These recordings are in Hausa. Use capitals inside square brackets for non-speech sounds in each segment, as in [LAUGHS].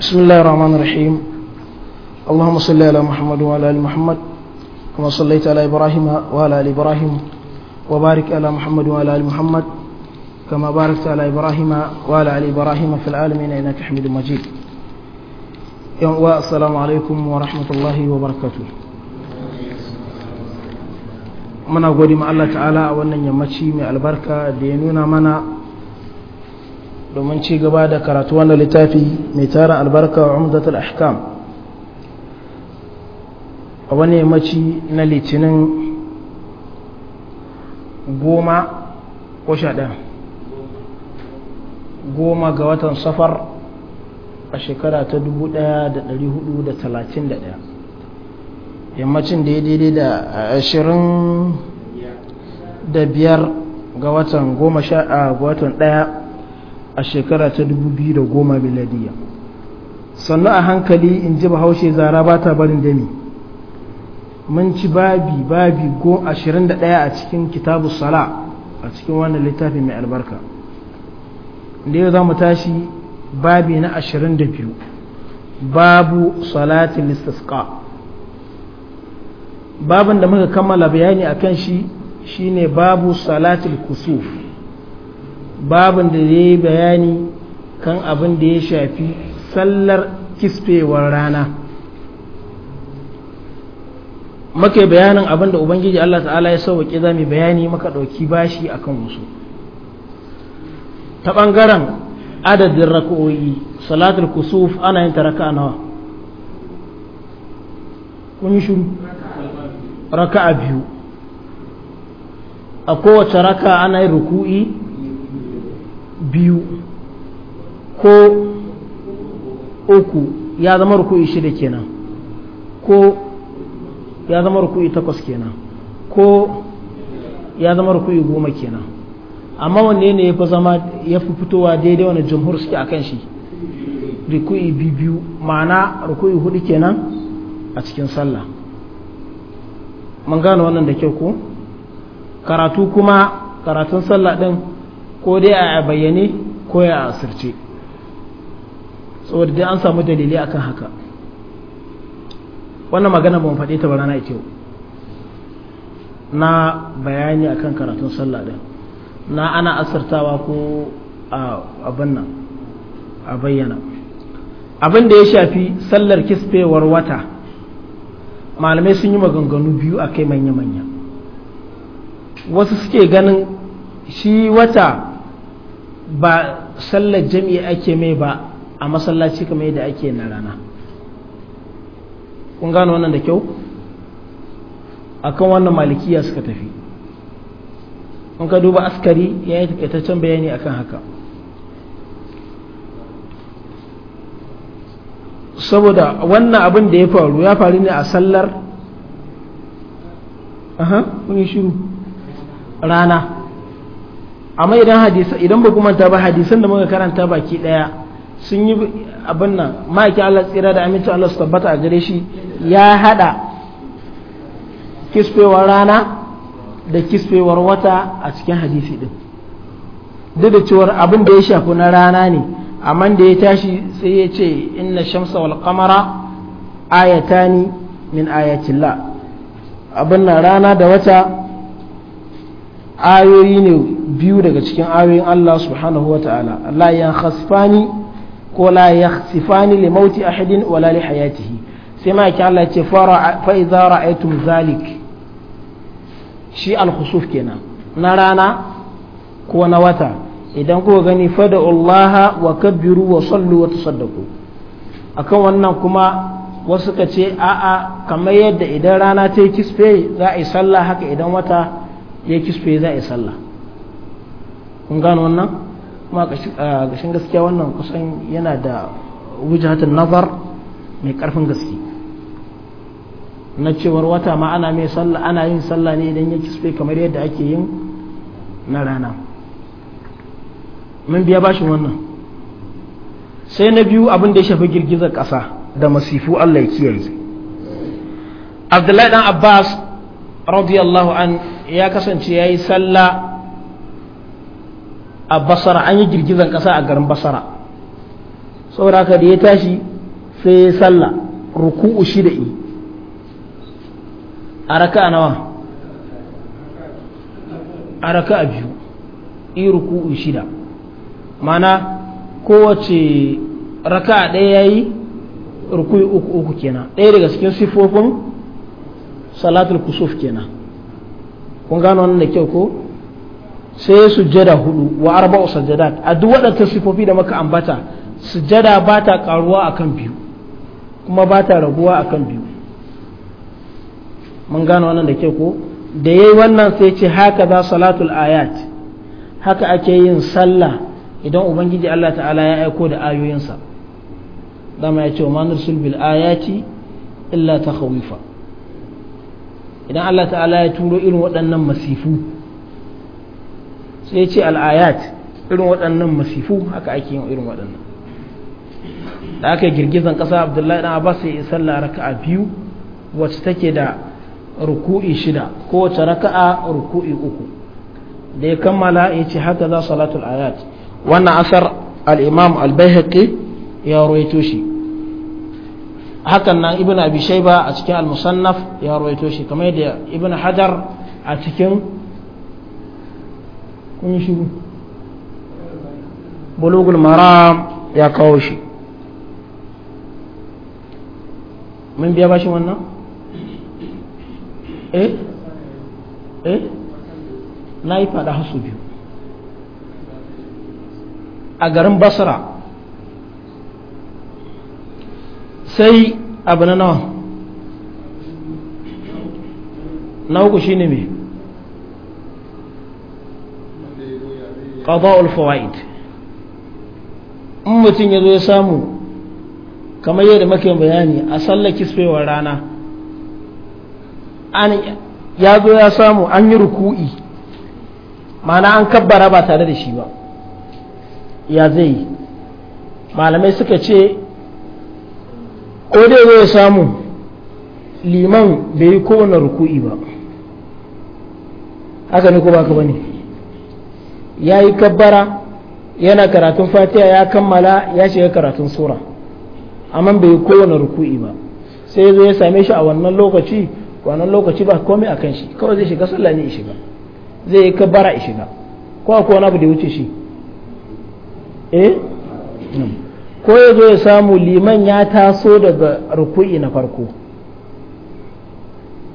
بسم الله الرحمن الرحيم اللهم صل على محمد وعلى ال محمد كما صليت على ابراهيم وعلى ال ابراهيم وبارك على محمد وعلى ال محمد كما باركت على ابراهيم وعلى ال ابراهيم في العالمين انك حميد مجيد السلام عليكم ورحمه الله وبركاته muna gode ma Allah ta'ala a wannan yammaci mai albarka da ya nuna mana domin ci gaba da karatu wannan littafi mai tara albarka umdatul ahkam a wani yammaci na litinin goma ko sha goma ga watan safar a shekara ta 1431 yammacin da ya daidai da ashirin da biyar ga watan goma sha a watan ɗaya a shekara ta 2010 miladiya sannu a hankali in ji bahaushe zara ba ta barin dami mun ci babi babi go 21 a cikin kitabu sala a cikin wannan littafi mai albarka da yau za mu tashi babi na 22 babu salatin listaska babin da muka kammala bayani a kan shi shine babu salatin kusuf babin da ya yi bayani kan abin da ya shafi sallar kisfewar rana muke bayanin abin da ubangiji Allah ta'ala ya sauwaƙe za mu bayani maka ɗauki bashi akan wasu ta ɓangaren adadin raka'o'i salatul kusuf ana yin taraka nawa kun yi raka'a biyu a kowace raka ana yin ruku'i biyu ko uku ya zama ruku'i shida kenan ko ya zama ruku'i takwas kenan ko ya zama ruku'i goma kenan amma wanne ne ya fi zama ya fi fitowa daidai wani jamhur suke a kan shi ruku'i biyu ma'ana ruku'i hudu kenan a cikin sallah mun gane wannan da kyau ko karatu kuma karatun sallah ɗin. ko dai a bayyane ko ya asirce saboda dai an samu dalilai akan haka wannan magana mu faɗe ta ba rana ita na bayani akan karatun sallah din na ana asirtawa ko abin nan a bayyana abin da ya shafi sallar kisfewar wata malamai sun yi maganganu biyu a kai manya-manya wasu suke ganin shi wata ba sallar jami'a ake mai ba a masallaci kamar yadda ake na rana kun gano wannan da kyau akan wannan malikiya suka tafi Kun ka duba askari ya yi takaitaccen bayani akan haka saboda wannan abin da ya faru ya faru ne a sallar aha kun yi shiru rana amma idan hadisa idan ba kuma ta ba hadisan da muka karanta baki daya sun yi abin nan maki Allah tsira da aminci Allah su tabbata a gare shi ya hada kisfewar rana da kisfewar wata a cikin hadisi din duk da cewar abin da ya shafi na rana ne amma da ya tashi sai ya ce inna shamsa wal qamara ayatani min ayatillah abin nan rana da wata ayoyi ne biyu daga cikin ayoyin Allah subhanahu wa ta'ala la ko la ya li mauti ahadin wala li hayatihi sai ma yake Allah ce fa idza ra'aytum zalik shi al-khusuf kenan na rana ko na wata idan kuka gani fada Allah wa kabbiru wa sallu wa tasaddaqu akan wannan kuma wasu ka ce a'a kamar yadda idan rana ta yi kisfe za a yi sallah haka idan wata ya kisfe za a yi sallah kun gano wannan kuma gashin gaskiya wannan kusan yana da wujahatun nazar mai karfin gaske na cewar wata ma ana mai sallah ana yin sallah ne idan ya kisfe kamar yadda ake yin na rana mun biya bashin wannan sai na biyu abin da ya shafi girgizar ƙasa da masifu Allah ya kiyaye Abdullahi dan Abbas radiyallahu an ya kasance yayi yi sallah a basara an yi girgizan ƙasa a garin basara saboda haka da ya tashi sai ya salla ruku'u shida yi a raka nawa a raka biyu yi ruku'u shida mana kowace raka ɗaya ya yi uku uku kenan ɗaya daga cikin sifofin salatul kusuf kenan kun gano wannan da kyau ko sai sujjada hudu wa arba sajjadat a duk waɗanta sifofi da muka ambata sujjada ba ta karuwa akan biyu kuma ba ta raguwa akan biyu mun gano wannan da ke ko da yayi wannan sai ce haka za salatul ayat haka ake yin sallah idan ubangiji Allah ta'ala ya aiko da ayoyinsa dama ya ce wa rusul bil ayati illa ta idan Allah ta'ala ya turo irin waɗannan masifu sai ce al'ayat irin waɗannan masifu haka ake yin irin waɗannan da aka girgizan ƙasa abdullahi ɗan abbas sai ya sallah raka'a biyu wacce take da ruku'i shida kowace raka'a ruku'i uku da ya kammala ya ce haka za salatul ayat wannan asar alimam al-baihaqi ya rawaito shi hakan nan ibn abi shayba a cikin al-musannaf ya rawaito shi kamar yadda ibn hajar a cikin kun yi shiru bulugul maram ya kawo shi mun biya bashi wannan eh eh na yi fada hasu biyu a garin basra sai abu na nawa na uku ne mai qada'ul fawaid in mutum ya zo ya samu kamar yadda muke bayani a sallar kisfewar rana an ya zo ya samu an yi ruku'i mana an kabbara ba tare da shi ba ya zai malamai suka ce ko dai zo ya samu liman bai yi kowane ruku'i ba haka ne ko ba ka bane ya yi kabbara yana karatun fatiha ya kammala ya shiga karatun sura amma bai yi kowane ruku'i ba sai zo ya same shi a wannan lokaci wannan lokaci ba komai a kan shi kawai zai shiga sallah ne shiga zai yi kabbara shiga ko ko wani abu da wuce shi eh ko ya zo ya samu liman ya taso daga ruku'i na farko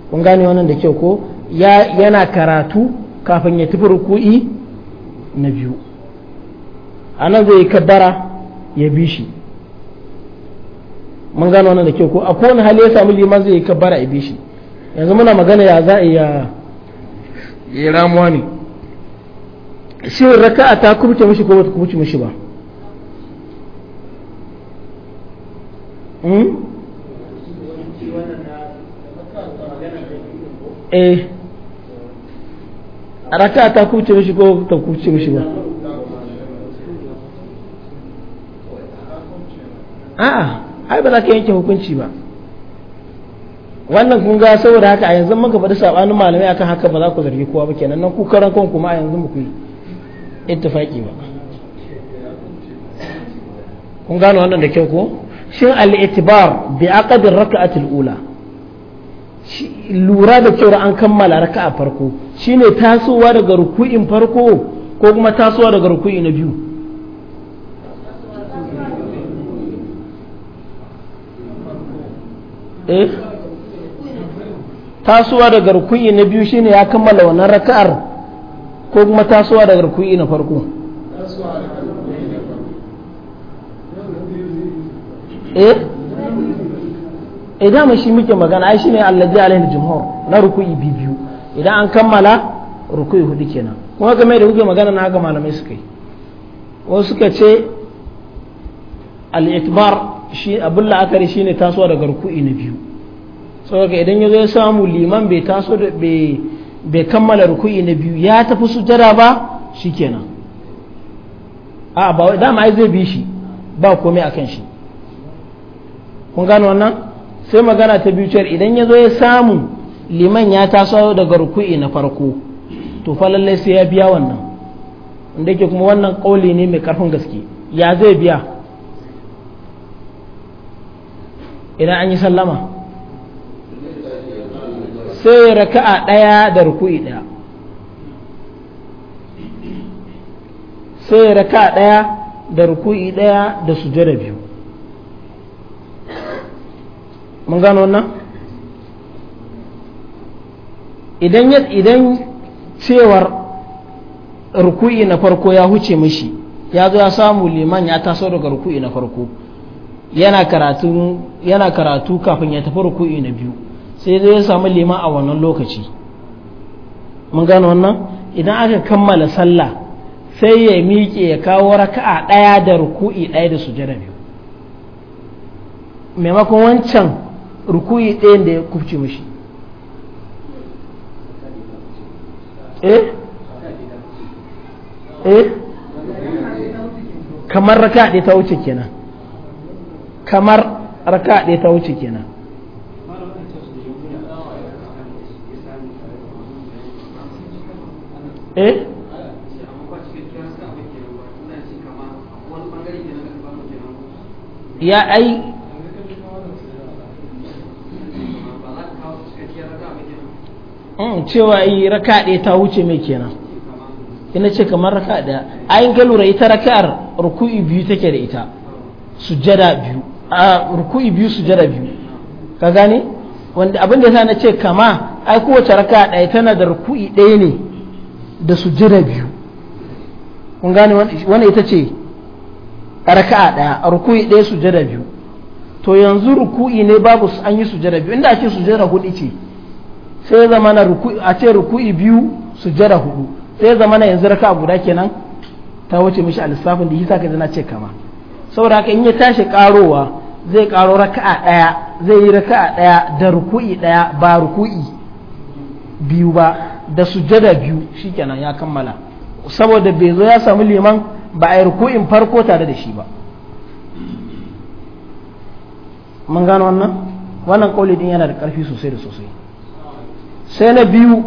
kun gane wannan da kyau ko yana karatu kafin ya tafi ruku'i na biyu a nan zai yi kaddara ya bi shi mun gano wannan da kyau ko a kowane hali ya samu liman zai yi kabbara ya bi shi yanzu muna magana ya za a yi ya ramuwa ne shin raka'a ta kubuce mishi ko bata kubuce mishi ba hmm? eh raka ta kuce mishi ko ta kuce mishi ba a'a ai ba za ka yanke hukunci ba wannan kun ga saboda haka a yanzu muka faɗi sabanin malamai akan haka ba za ku zargi kowa ba kenan nan ku karan kan kuma a yanzu muku ku ittifaqi ba kun gano wannan da kyau ko shin al-itibar bi aqdir raka'atil ula lura da cewar an kammala raka a farko shine tasowa daga ruku'in farko ko kuma tasowa daga ruku'i na biyu eh tasowa daga ruku'i na biyu shine ya kammala wannan raka'ar ko kuma tasowa daga ruku'i na farko eh idan eh, mu shi muke magana ai shine allazi alaihi jumhur na ruku'i biyu idan an kammala ruku'i hudu kenan kuma game da kuke magana na ga malamai suka yi wasu suka ce al shi abin la'akari shine tasowa daga ruku'i na biyu saboda idan ya ya samu liman bai taso da bai kammala ruku'i na biyu ya tafi sujada ba shikenan a ba dama ai zai bi shi ba komai akan shi kun gano wannan sai magana ta biyu idan ya zo ya samu liman ya taso daga ruku'i na farko to fa lallai sai ya biya wannan inda yake kuma wannan kauli ne mai karfin gaske ya zai biya idan an yi sallama sai raka'a ɗaya da ruku'i ɗaya sai raka'a ɗaya da ruku'i ɗaya da sujada biyu mun gano wannan idan idan cewar ruku'i na farko ya huce mashi ya zo ya samu liman ya taso daga ruku'i na farko yana karatu yana karatu kafin ya tafi ruku'i na biyu sai zo ya samu liman a wannan lokaci mun gano wannan idan aka kammala sallah sai ya miƙe ya kawo raka'a ɗaya da ruku'i ɗaya da sujada biyu maimakon wancan rukuyi ɗayan da ya kufce mishi eh eh kamar raka ɗaya ta wuce kenan kamar raka ɗaya ta wuce kenan eh ya ai Hmm, cewa yi raka ɗaya ta wuce mai kenan ina ce kamar raka ɗaya ayin ga lura ita raka'ar ruku'i biyu take da ita sujada biyu a ruku'i biyu sujada biyu ka gane wanda abin da na ce kama ai kowace raka ɗaya tana da ruku'i ɗaya ne da sujada biyu kun gane wanda ita ce raka'a ɗaya a ruku'i ɗaya sujada biyu to yanzu ruku'i ne babu an yi sujjada biyu inda ake sujada hudu ce sai zama na a ce ruku'i biyu su jada hudu sai zama na yanzu raka'a guda kenan ta wuce mishi a da yi ka na ce kama saboda haka in ya tashi karowa zai karo raka'a daya zai yi raka'a daya da ruku'i daya ba ruku'i biyu ba da su jada biyu shi kenan ya kammala saboda bai zo ya samu liman ba a yi ruku'in farko tare da shi ba mun gano wannan wannan kauli din yana da karfi sosai da sosai sai na biyu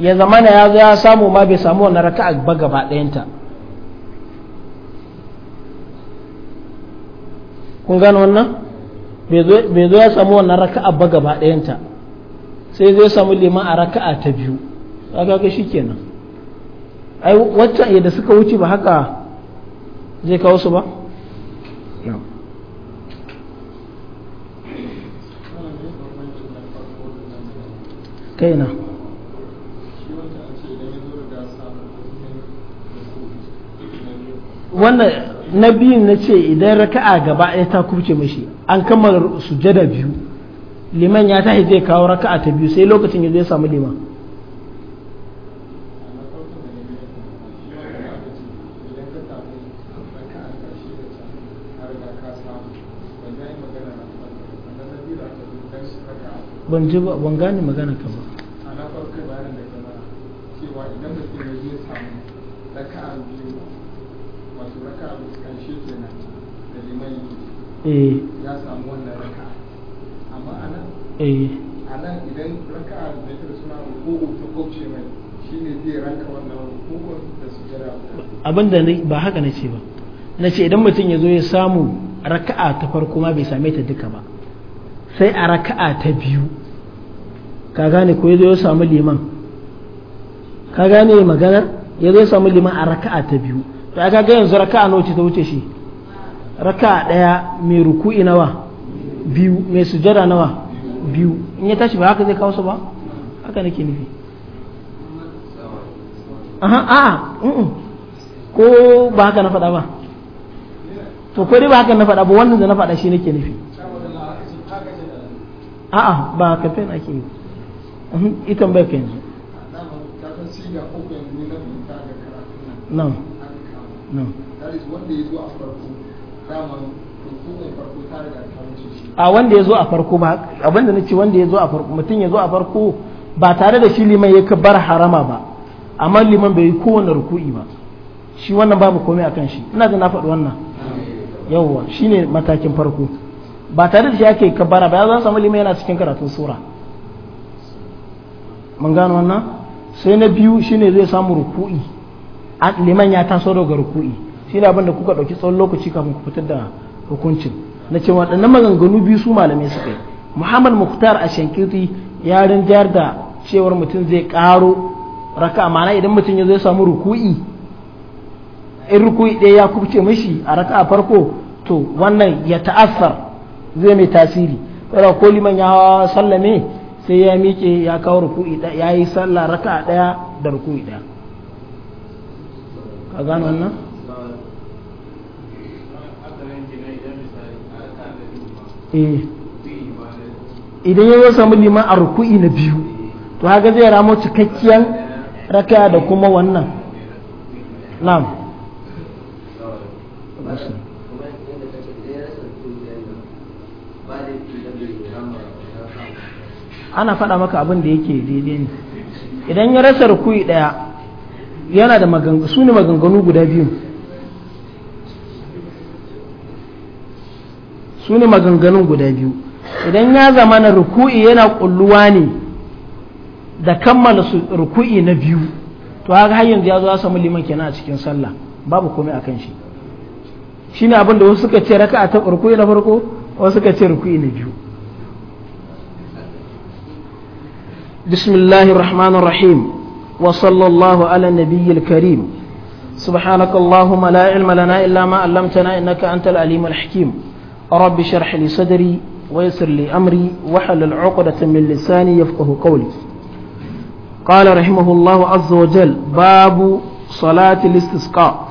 ya zamana ya zo ya samu ma bai samu wannan raka'a ba gaba ɗayanta kun gano wannan bai zo ya samu wannan raka'a ba gaba ɗayanta sai zai samu liman a raka'a ta biyu kaga shi kenan ai waccan da suka wuce ba haka zai kawo su ba kaina wannan na biyu na ce idan raka'a gaba ɗaya ta kubce mashi an kammala sujada biyu liman ya tashi zai kawo raka'a ta biyu sai lokacin ya zai samu liman ban gane magana ka ba eh ya samu wannan raka amma ana eh ana idan raka da ta suna ruku'u ta kauce mai shine zai ranka wannan ruku'u da su sujada abinda ne ba haka nace ba nace idan mutum ya zo ya samu raka'a ta farko ma bai same ta duka ba sai a raka'a ta biyu ka gane ko ya zo ya samu liman ka gane maganar ya zo ya samu liman a raka'a ta biyu to aka ga yanzu raka'a nawa ce ta wuce shi raka ɗaya mai ruku'i nawa biyu mai sujada nawa biyu in ya tashi ba haka zai kawo su ba haka nake nufi aha a ko ba haka na faɗa ba to ko dai ba haka na faɗa ba wannan da na faɗa shi nake nufi a'a ba kamfen ake yi mhm, ita bai ka yanzu nan nan a wanda ya zo a farko ba abinda na ce wanda ya zo a farko mutum ya zo a farko ba tare da shi liman ya bar harama ba amma liman bai yi kowane ruku'i ba shi wannan babu komai a kan shi ina da na faɗi wannan yawwa ne matakin farko ba tare da shi ake kabbara ba ya zan samu liman yana cikin karatun sura mun gano wannan sai na biyu shine zai samu ruku'i liman ya taso daga ruku'i shine abin da kuka ɗauki tsawon lokaci kafin ku fitar da hukuncin na ce waɗannan maganganu biyu su malamai suka yi muhammad Muktar a shankiri ya rinjar da cewar mutum zai ƙaro raka ma'ana idan mutum ya zai samu ruku'i in ruku'i ɗaya ya kubce mashi a raka a farko to wannan ya ta'assar zai mai tasiri tsara ko liman ya sallame sai ya miƙe ya kawo ruku'i ɗaya ya yi sallah raka ɗaya da ruku'i ɗaya ka gano wannan Eh. idan ya samu liman a ruku'i na biyu to haka zai ramo cikakkiyan raka da kuma wannan na'am ana faɗa maka abin da yake daidai ne idan ya rasa ruku'i ɗaya yana da su ne maganganu guda biyu su ne maganganun guda biyu idan ya zama na ruku'i yana kulluwa ne da kammala ruku'i na biyu to haka har yanzu ya zo ya samu liman kenan a cikin sallah babu komai kan shi shine abin da wasu suka ce raka'a ta ruku'i na farko wasu suka ce ruku'i na biyu بسم الله الرحمن الرحيم وصلى الله على النبي الكريم سبحانك اللهم لا علم لنا إلا ما علمتنا إنك أنت العليم الحكيم رب شرح لي صدري ويسر لي أمري وحل العقدة من لساني يفقه قولي قال رحمه الله عز وجل باب صلاة الاستسقاء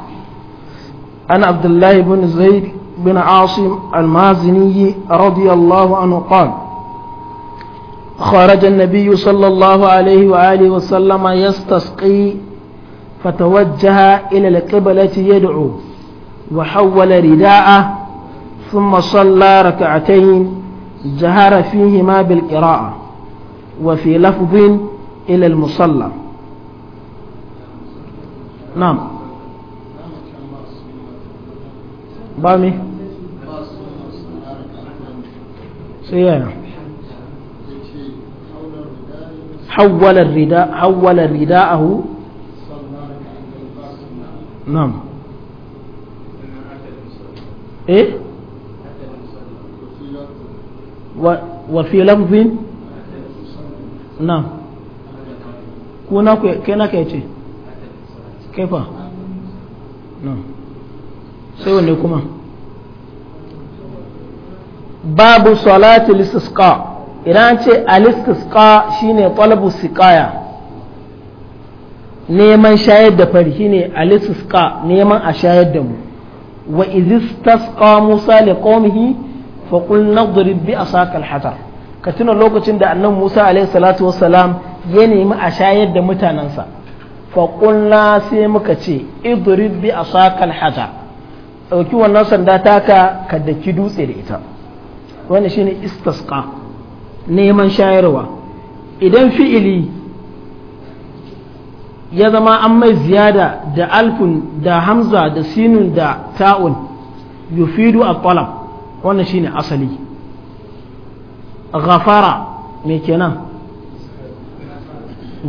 أنا عبد الله بن زيد بن عاصم المازني رضي الله عنه قال خرج النبي صلى الله عليه وآله وسلم يستسقي فتوجه إلى القبلة يدعو وحول رداءه ثم صلى ركعتين جهر فيهما بالقراءة وفي لفظ إلى المصلى نعم بامي سيانا حول الرداء حول رداءه نعم ايه وفي لفظ نعم كنا كنا كيتي كيف نعم سوى نكما باب صلاة الاستسقاء idan ce alistiska shine talabu sikaya neman shayar da fari shine alistiska neman a shayar da mu wa izistasqa musa liqaumihi fa qul nadrib bi asaka al-hajar ka tuna lokacin da annabi Musa alaihi ya nemi a shayar da mutanensa fa sai muka ce idrib bi asaka al-hajar dauki wannan sanda taka ka daki dutse da ita wannan shine istisqa neman shayarwa idan fi'ili ya zama an mai ziyada da alfun da hamza da sinun da ta'un yufidu a talab wannan shine asali ghafara me kenan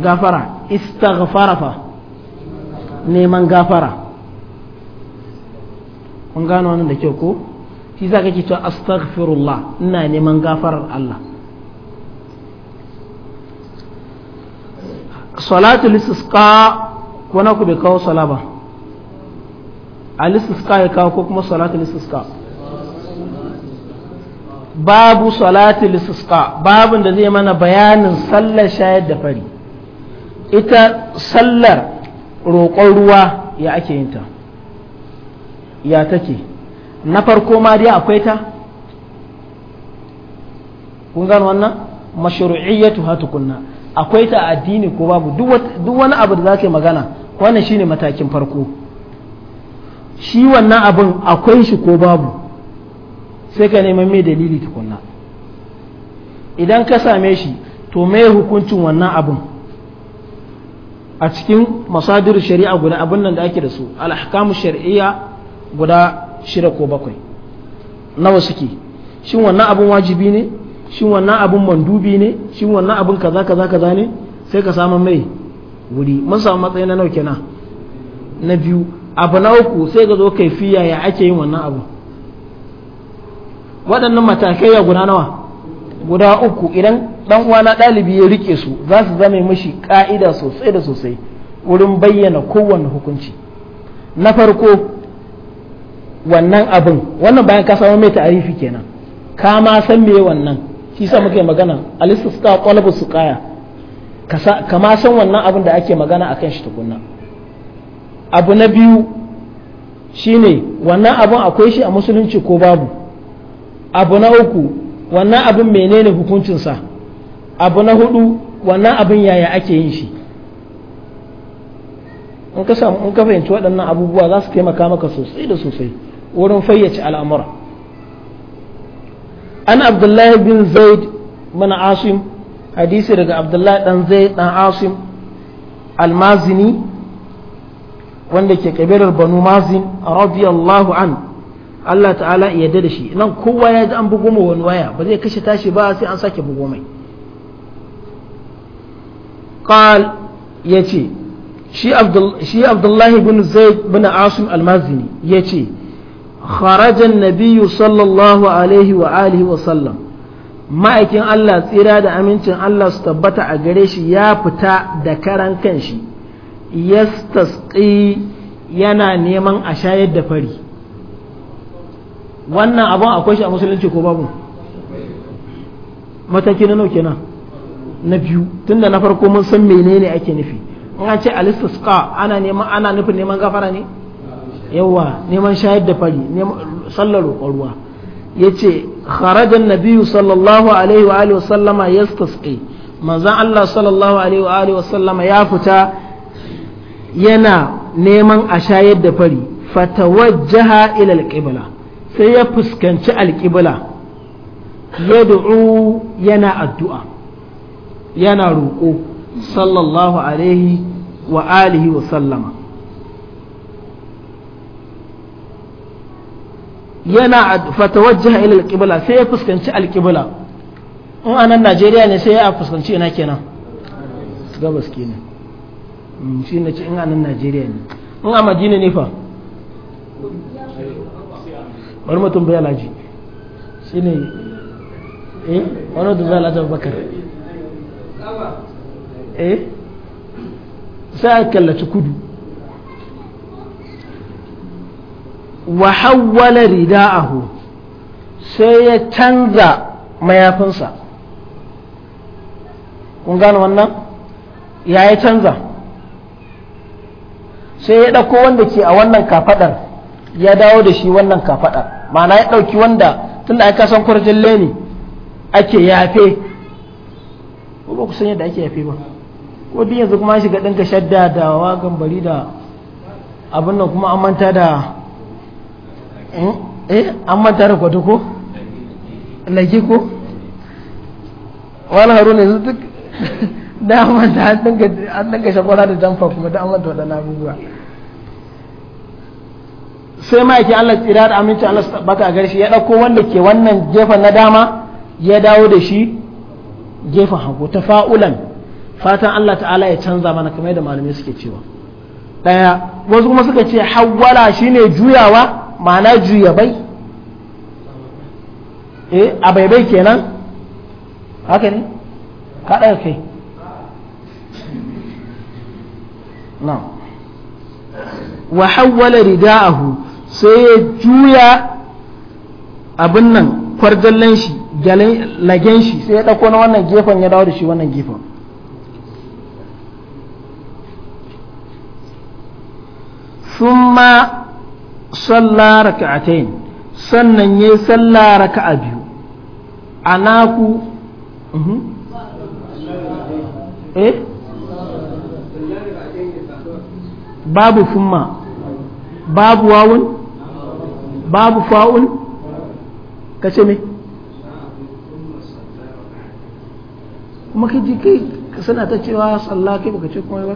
gafara istaghfara fa neman gafara kun gano wannan da kyau ko shi za ka ce cewa astaghfirullah ina neman gafarar Allah salatu lisisqa ko na ku bai kawo sala ba a lisisqa ya kawo ko kuma salatu lisisqa babu salati lisisqa babun da zai mana bayanin sallar shayar da fari ita sallar roƙon ruwa ya ake yin ta ya take na farko ma dai akwai ta kun gano wannan mashru'iyyatu ha tukunna akwai ta addini ko babu duk wani abu da za ka magana wannan shine matakin farko shi wannan abin akwai shi ko babu sai ka neman mai dalili tukunna idan ka same shi to mai hukuncin wannan abun a cikin masadir shari'a guda abin nan da ake da su alhakamu shari'a guda shida ko bakwai nawa suke shin wannan abun wajibi ne shin wannan abun mandubi ne shin wannan abun kaza kaza kaza ne sai ka samu mai wuri mun samu matsayi na nauke na na biyu abu na uku sai ka zo kaifiya ya ake yin wannan abun. waɗannan matakai ya guda nawa guda uku idan dan uwana ɗalibi ya rike su za su zama mashi ka'ida sosai da sosai wurin bayyana kowane hukunci na farko wannan abin wannan bayan ka samu mai ta'arifi kenan ka ma san me wannan shi sa muke magana kwalabu su kaya ka ma san wannan abin da ake magana a kan shi tukunna abu na biyu shine wannan abin akwai shi a musulunci ko babu abu na uku wannan abin menene hukuncinsa abu na hudu wannan abin yaya ake yin shi in ka fahimci waɗannan abubuwa za su taimaka maka sosai da sosai wurin fayyace al'amura an abdullahi bin zaid bin asim hadisi daga abdullahi dan zaid dan asim almazini wanda ke kabilar banu mazin radiyallahu an Allah ta'ala ya yarda da shi nan kowa ya ji an bugu ma wani waya ba zai kashe tashi ba sai an sake bugu mai qal yace shi abdul shi abdullahi ibn zaid ibn asim al-mazini yace kharaja an-nabiy sallallahu alaihi wa alihi wa sallam ma'aikin Allah tsira da amincin Allah su tabbata a gare shi ya fita da karan kanshi yastasqi yana neman a shayar da fari wannan abun akwai shi a musulunci ko babu mataki na nauke kenan na biyu tunda na farko mun san menene ake nufi in an ce alistisqa ana neman ana nufin neman gafara ne yawa neman shayar da fari sallar roƙon ruwa ya ce kharajan nabiyu sallallahu alaihi wa alihi wasallama yastasqi manzon Allah sallallahu alaihi wa alihi wasallama ya fita yana neman a shayar da fari fatawajjaha ila alqibla sai ya fuskanci alƙibla ya du'u yana addu'a yana roƙo sallallahu alaihi wa alihi wa sallama yana fatawajjaha ila alqibla sai ya fuskanci alqibla in anan Najeriya ne sai ya fuskanci ina kenan gabas kenan mm, shi ne in anan Najeriya ne in a Madina ne fa wani mutum bai alaji shi ne eh wani mutum bai alaji abubakar eh sai a kallaci kudu wa hawwala rida'ahu sai ya canza mayafinsa kun gane wannan ya yi canza sai ya ɗauko wanda ke a wannan kafaɗar ya dawo da shi wannan kafada ma'ana ya ɗauki wanda tunda ai san kwarjalle leni ake yafe ko ba ku san yadda ake yafe ba ko duk yanzu kuma shiga ɗinka shadda da wagan bari da abin nan kuma an manta da eh, eh an manta da kwato ko lage ko wani haruna yanzu duk [LAUGHS] da an manta an shakwara da jamfa kuma da an manta waɗannan abubuwa sai ma yake Allah tsira da amincin Allah baka gare shi ya dauko wanda ke wannan gefen na dama ya dawo da shi gefen hagu ta fa'ulan fatan Allah ta'ala ya canza mana kamar yadda malamai suke cewa daya wasu kuma suka ce hawwala shine juyawa ma'ana juya bai eh a bai kenan haka ne ka ɗaya kai na wa hawwala rida'ahu sai ya juya abin nan kwarjallen shi lagen shi sai ya ɗauko na wannan gefen ya dawo da shi wannan gefen thumma salla raka'atain sannan ya yi salla ka'a biyu a naku mhm. eh? babu thumma babu wawun babu fa'un ka ce mai kuma kai jike suna ta cewa sallah kai baka ce kuma ba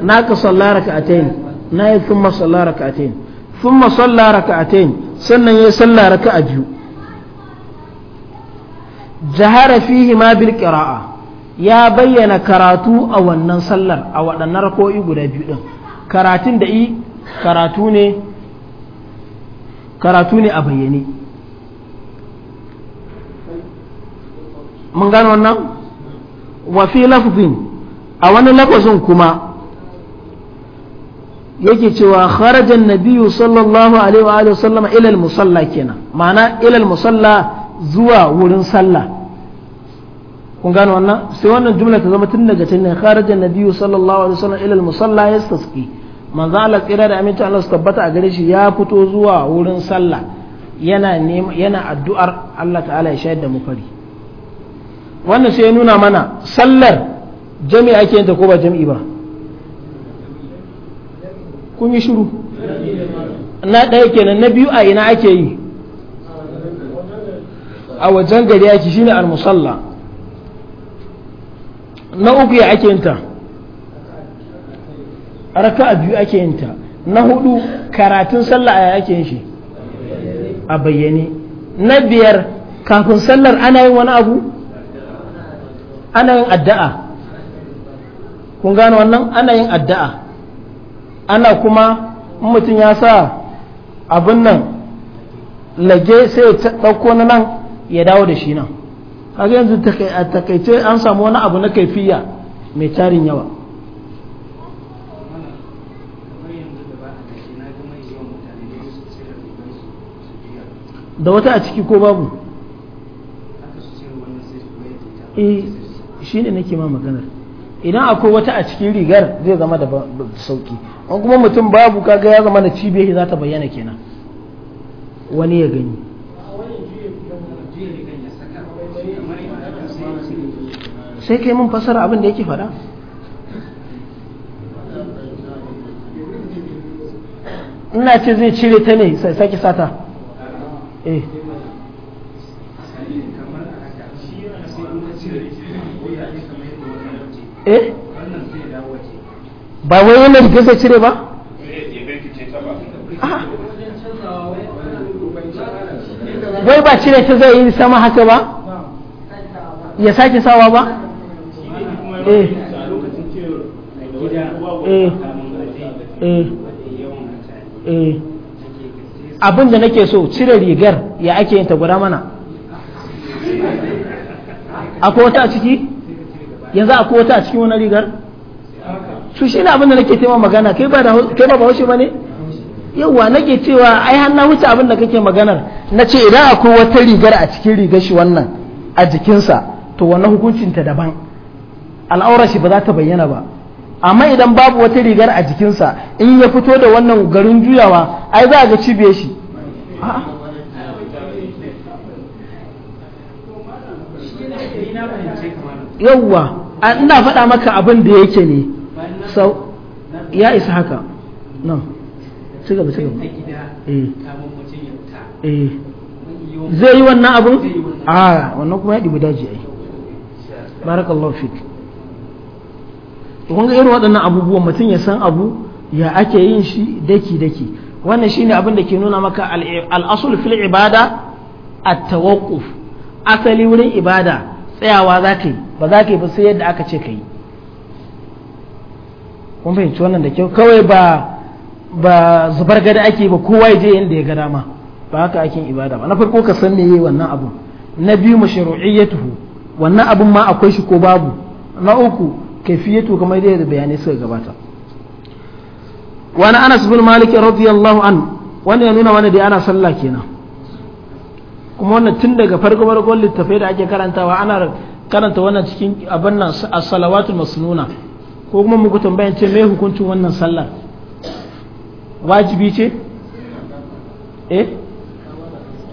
na ka sallah raka'atayn na yi kuma sallah raka'atayn thumma sallah raka'atayn sannan ya sallah a biyu jahara fihi ma bil qira'a ya bayyana karatu a wannan sallar a waɗannan rako'i guda biyu ɗin karatun da i karatu ne karatu ne a bayyane mun gano wannan wa fi a wani lafazin kuma yake cewa kharajan Nabiyu sallallahu alaihi wa alihi wasallama ila musalla kenan ma'ana ilal al-musalla zuwa wurin sallah kun gano wannan sai wannan jumla ta zama tun daga tun ne kharajan Nabiyu sallallahu alaihi wasallam ila al-musalla yastasqi manzo Allah tsira da aminci Allah su tabbata a gare shi ya fito zuwa wurin sallah yana yana addu'ar Allah ta'ala ya shayar da mu fari wannan sai ya nuna mana sallar jami'a ake yin ko ba jami'i ba kun yi shiru na ɗaya kenan na biyu a ina ake yi a wajen gari ake shine al-musalla na uku ya ake yin raka'a biyu ake yin ta na hudu karatun sallah a ake yin shi a bayyane na biyar kafin sallar ana yin wani abu ana yin addu'a kun gano wannan ana yin addu'a ana kuma mutum ya sa abin nan lage sai ya ɗauko na nan ya dawo da shi nan kaga yanzu a takaice an samu wani abu na kaifiya mai tarin yawa da wata a ciki ko babu eh, shi ne nake ma maganar idan akwai wata a cikin rigar zai zama da sauki an kuma mutum babu kaga ya zama da cibiyar za ta bayyana kenan wani ya gani sai kai mun fasara abin da yake fada ina ce zai cire ta ne sai sake sata eh eh ba wai yana jikin cire ba ah. wai ba cire ta zai yi sama haka ba ya sake sawa ba eh eh eh, eh. abin da nake so cire rigar ya ake yin ta guda mana akwai wata a ciki yanzu akwai wata a cikin wani rigar su shi ne abin da nake taimaka magana kai ba ba haushe ba ne yauwa nake cewa ai hannun na wuce abin da kake maganar na ce idan akwai wata rigar a cikin rigar shi wannan a jikinsa to wannan hukuncinta daban al'aurashi shi ba za ta bayyana ba amma idan babu wata rigar a jikinsa in ya fito da wannan garin juyawa ai za a ga cibe shi yawwa ina faɗa maka abin da yake ne sau ya isa haka nan ci gaba ci gaba eh. eh. zai yi wannan abin a wannan kuma ya ɗibi daji ai barakallahu fiki to kun ga irin waɗannan abubuwan mutum ya san abu ya ake yin shi daki daki wannan shine abin da ke nuna maka al-asul fil ibada at-tawaqquf asali wurin ibada tsayawa za ka yi ba za ka yi ba sai yadda aka ce ka yi kun fahimci wannan da kyau kawai ba ba zubar gada ake ba kowa ya je yadda ya ga dama ba haka ake ibada ba na farko ka san meye wannan abun na biyu mashru'iyyatuhu wannan abun ma akwai shi ko babu na uku kaifiyatu kamar dai da bayanai suka gabata wani anas bin malik radiyallahu an wani ya nuna wani da ana sallah kenan kuma wannan tun daga farko farkon littafai da ake karantawa ana karanta wannan cikin abin nan as-salawatul masnuna ko kuma muku tambayan ce mai hukuncin wannan sallar wajibi ce eh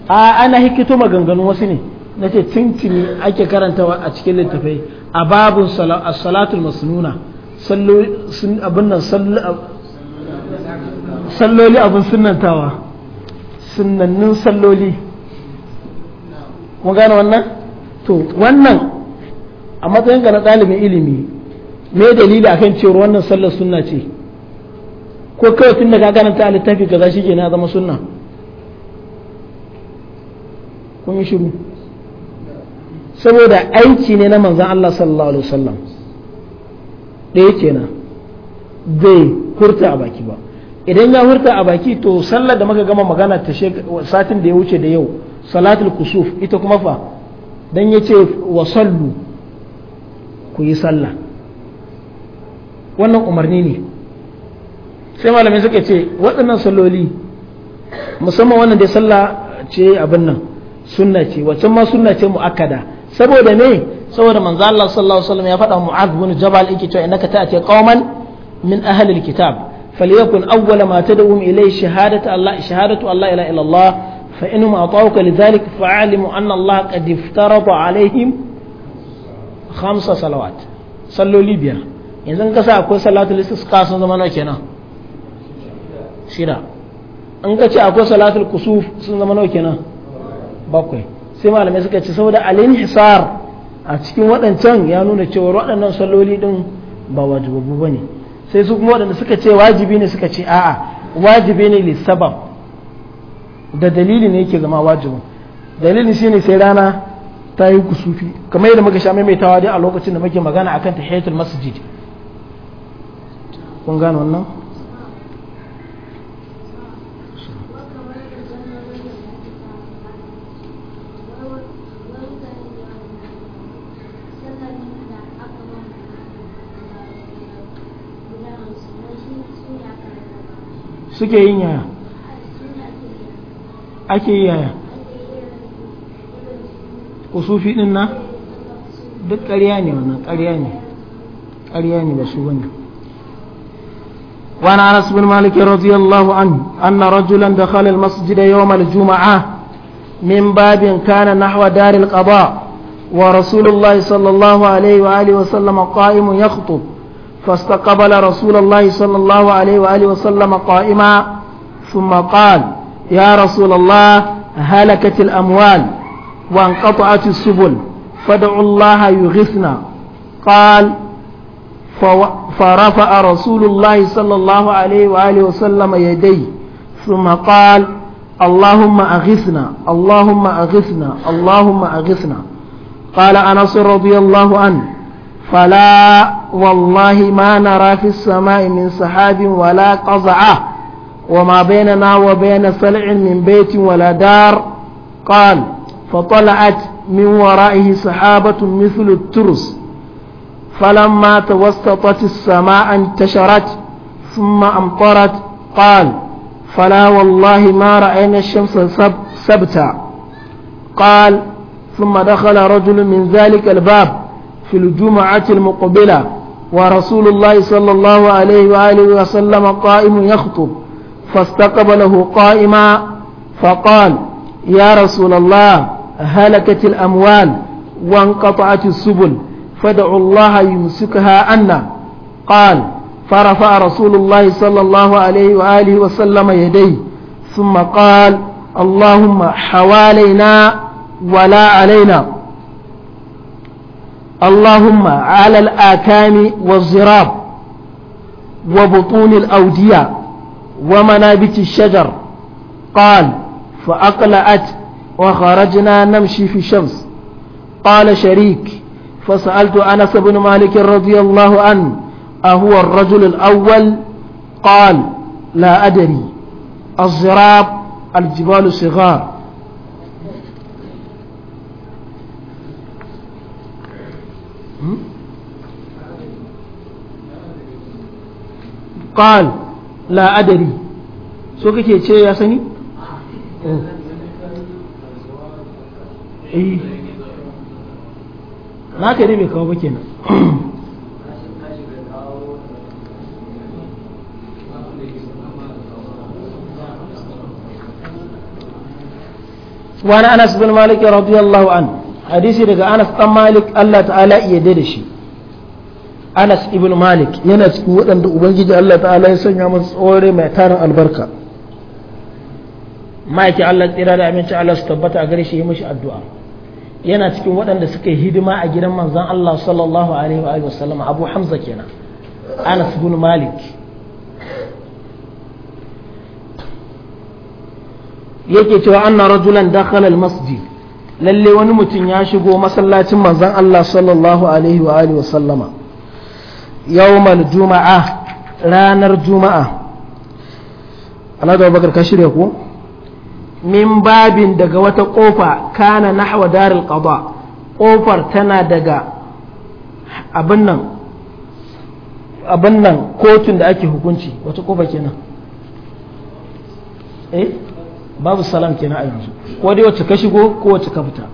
a ana hikito maganganu wasu ne na ce tintini ake karantawa a cikin littafai a babun salatul masnuna salloli abin sunantawa sunannin salloli kun gane wannan to wannan a matsayin ga na ɗalibin ilimi me dalili akan cewar wannan sallar sunna ce ko kawai tun da ka gane ta littafi za shi ke na zama sunna kun yi shiru saboda aiki ne na manzan Allah sallallahu alaihi wasallam ɗaya kenan bai hurta a baki ba idan ya hurta a baki to sallar da muka gama magana ta satin da ya wuce da yau salatul kusuf ita kuma fa dan ya ce wa sallu ku yi sallah wannan umarni ne sai malamai suka ce waɗannan salloli musamman wannan da sallah ce abin nan sunna ce wacce ma sunna ce mu'akkada saboda me saboda manzo Allah sallallahu alaihi wasallam ya faɗa mu'adh bin jabal yake cewa innaka ta'ti qauman min ahli alkitab falyakun awwala ma tad'um ilayhi shahadatu Allah shahadatu Allah ila ila Allah fa innahum atawuka lidhalik fa'alimu anna Allah qad iftarada alaihim khamsa salawat salloli biyar yanzu ka sa akwai salatul istisqa sun zama nawa kenan shida in ka ce akwai salatul kusuf sun zama nawa kenan bakwai sai malamai suka ce saboda alin hisar a cikin waɗancan ya nuna cewa waɗannan salloli din ba wajibabu ba ne sai su kuma waɗanda suka ce wajibi ne suka ce a'a wajibi ne sabab da dalili ne yake zama wajibin dalilin shine sai rana ta yi kusufi kamar yadda muka sha maimaitawa dai a lokacin da muke magana akan tahiyatul masjid kun gane wannan suke yin yaya ake yi yaya kusufi din na duk ƙarya ne wannan ƙarya ne ƙarya ne ba su bane وعن انس بن مالك رضي الله عنه ان رجلا دخل المسجد يوم الجمعه من باب كان نحو دار القضاء ورسول الله صلى الله عليه واله وسلم قائم يخطب فاستقبل رسول الله صلى الله عليه وآله وسلم قائما ثم قال يا رسول الله هلكت الأموال وانقطعت السبل فادعوا الله يغثنا قال فرفع رسول الله صلى الله عليه وآله وسلم يديه ثم قال اللهم أغثنا اللهم أغثنا اللهم أغثنا قال أنس رضي الله عنه فلا والله ما نرى في السماء من سحاب ولا قزعة وما بيننا وبين سلع من بيت ولا دار قال فطلعت من ورائه سحابة مثل الترس فلما توسطت السماء انتشرت ثم أمطرت قال فلا والله ما رأينا الشمس سبتا قال ثم دخل رجل من ذلك الباب في الجمعة المقبلة ورسول الله صلى الله عليه وآله وسلم قائم يخطب فاستقبله قائما فقال يا رسول الله هلكت الأموال وانقطعت السبل فدعوا الله يمسكها عنا قال فرفع رسول الله صلى الله عليه وآله وسلم يديه ثم قال اللهم حوالينا ولا علينا اللهم على الآكام والزراب وبطون الأودية ومنابت الشجر قال فأقلعت وخرجنا نمشي في الشمس قال شريك فسألت أنس بن مالك رضي الله عنه أهو الرجل الأول قال لا أدري الزراب الجبال صغار qal la adari so kake ce ya sani eh na ka dai bai kawo ba kenan وعن انس بن مالك رضي الله عنه حديثي daga anas dan malik Allah ta'ala iya da shi anas ibn malik yana cikin waɗanda ubangiji allah ta'ala ya sanya masa tsore mai tarin albarka ma'aikin allah tsira da aminci allah su tabbata a gare shi ya mashi addu'a yana cikin waɗanda suka yi hidima a gidan manzan allah sallallahu alaihi wa sallam abu hamza kenan anas ibn malik yake cewa anna rajulan dakhala al-masjid lalle wani mutum ya shigo masallacin manzan Allah sallallahu alaihi wa sallama yawmal juma'a ranar juma'a ana da ka shirya ku min babin daga wata kofa kana nahwa daril qada kofar tana daga abin nan abin nan kotun da ake hukunci wata kofa kenan eh babu salam kenan a yanzu ko dai wacce ka shigo ko wacce ka fita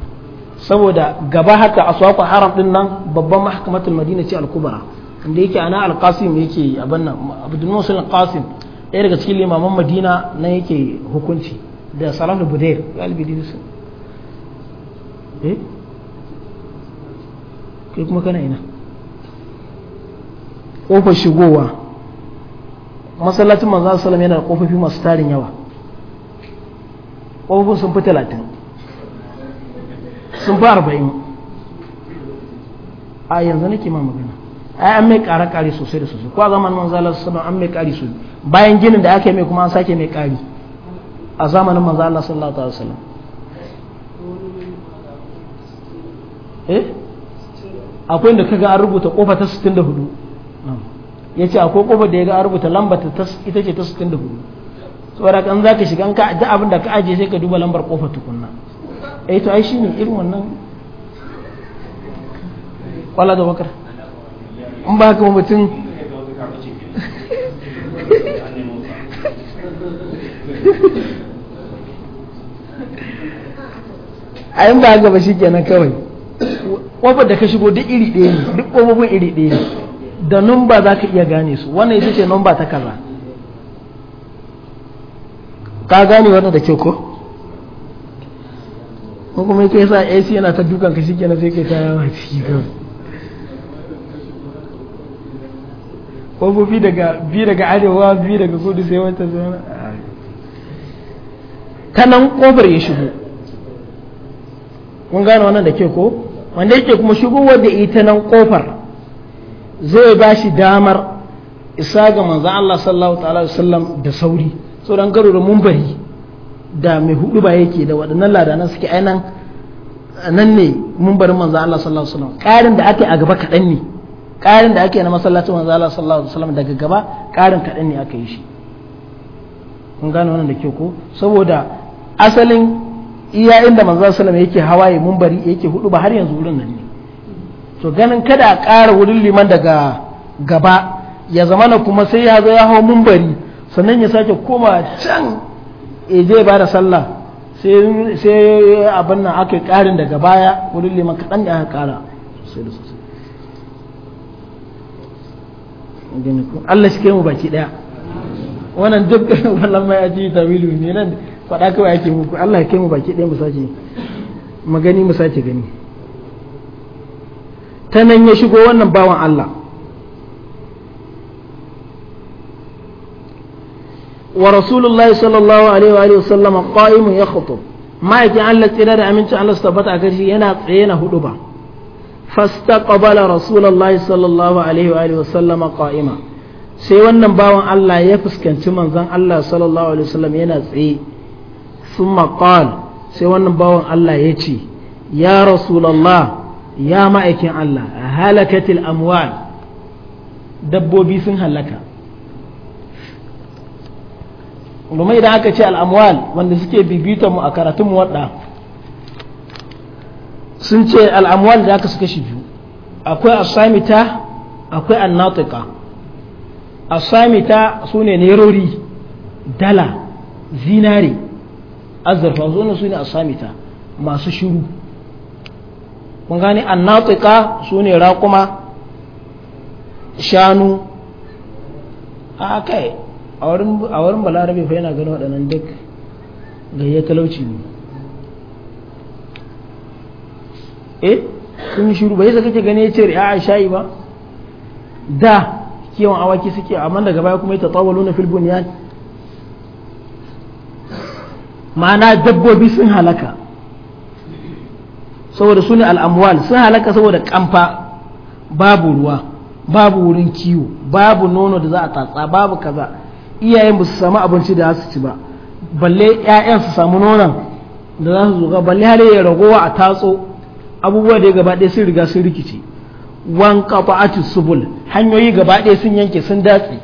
saboda gaba haka aswaqu haram din nan babban mahkamatul madina ce al-kubra inda yake ana alqasim yake abin nan abdul musul qasim ɗaya daga cikin limaman madina nan yake hukunci da salam da budair galibi da su eh kai kuma kana ina kofar shigowa masallacin manzo sallam yana da kofofi masu tarin yawa kofofin sun fi talatin sun fi arba'in a yanzu nake ma magana ai an mai ƙara ƙari sosai da sosai ko a zamanin manzo Allah sallallahu an mai ƙari sosai bayan ginin da aka yi mai kuma an sake mai ƙari a zamanin manzo Allah sallallahu alaihi wasallam eh akwai inda kaga an rubuta kofa ta 64 yace akwai kofa da ya ga an rubuta lambar ta ita ce ta 64 saboda kan zaka shiga ka da abin da ka aje sai ka duba lambar kofa tukunna eh to ai shine irin wannan kwala da wakar in ba haka mutum a [LAUGHS] yin ba haka ba shi kenan kawai ƙofar da ka shigo duk iri ɗaya ne duk ƙofofin iri ɗaya ne da numba za ka iya gane su wannan ita ce numba ta kaza ka gane wannan da kyau ko ko kuma yake sa AC yana ta dukan ka shi kenan sai kai ta yawa ciki kawai bi daga bi daga arewa bi daga kudu sai wata zama ta nan ƙofar ya shigo kun gano wannan da ke ko wanda yake kuma shigo da ita nan ƙofar zai ba shi damar isa ga manzo Allah sallallahu ta'ala wasallam da sauri dan garo da mumbari da mai hudu ba yake da waɗannan ladanan suke ainan nan ne mumbarin manzo Allah sallallahu alaihi wasallam ƙarin da ake a gaba kaɗan ne ƙarin da ake na masallacin manzo Allah sallallahu alaihi wasallam daga gaba ƙarin kaɗan ne aka yi shi kun gane wannan da ke ko saboda asalin iya inda manzo sallallahu yake hawaye mun bari yake hudu ba har yanzu wurin nan ne to ganin kada a ƙara wurin liman daga gaba ya zamana kuma sai ya zo ya hau bari sannan ya sake koma can e je ba da sallah sai abin nan aka ƙarin daga baya wurin liman kaɗan ne aka ƙara sosai da sosai Allah shi kai mu baki daya wannan duk [LAUGHS] wannan ma ya ji tawilu ne nan faɗa kawai yake muku Allah ya kai mu baki daya mu sace mu gani mu sace gani ta nan ya shigo wannan bawan Allah wa rasulullahi sallallahu alaihi wa sallam qa'imun yakhutub ma'aikin Allah tsira da aminci Allah su tabbata a karshe yana tsaye na hudu ba Fasta rasulullahi sallallahu alaihi wa alihi wasallam qa'ima sai wannan bawan Allah ya fuskanci manzon Allah sallallahu alaihi wasallam yana tsaye thumma qala sai wannan bawan Allah ya ce ya rasulullah ya ma'aikin Allah halakatil amwal dabbobi sun halaka domin idan aka ce amwal wanda suke bibita mu a karatun wadda sun ce al'amwal da aka suka shi biyu akwai asamita akwai annatuka asamita su ne nerori dala zinari azurfa zuwa su ne asamita masu shiru kun gani annatuka su ne raƙuma shanu a kai a wurin balarabe fa yana gani waɗannan duk gayyata talauci ne eh sun shiru bai ke gani ya ce ri'a shayi ba da kiyon awaki suke amma daga baya kuma ya tatawalo na filbun ya ma'ana dabbobi sun halaka saboda su ne al'amwal sun halaka saboda kamfa babu ruwa babu wurin kiwo babu nono da za a tatsa babu kaza iyayen ba su samu abinci da su ci ba balle 'ya'yan su samu nonon da za su zuga balle har ya ragowa a tatso abubuwa da gaba ɗaya sun riga sun rikice wan qata'atu subul hanyoyi gaba ɗaya sun yanke sun datse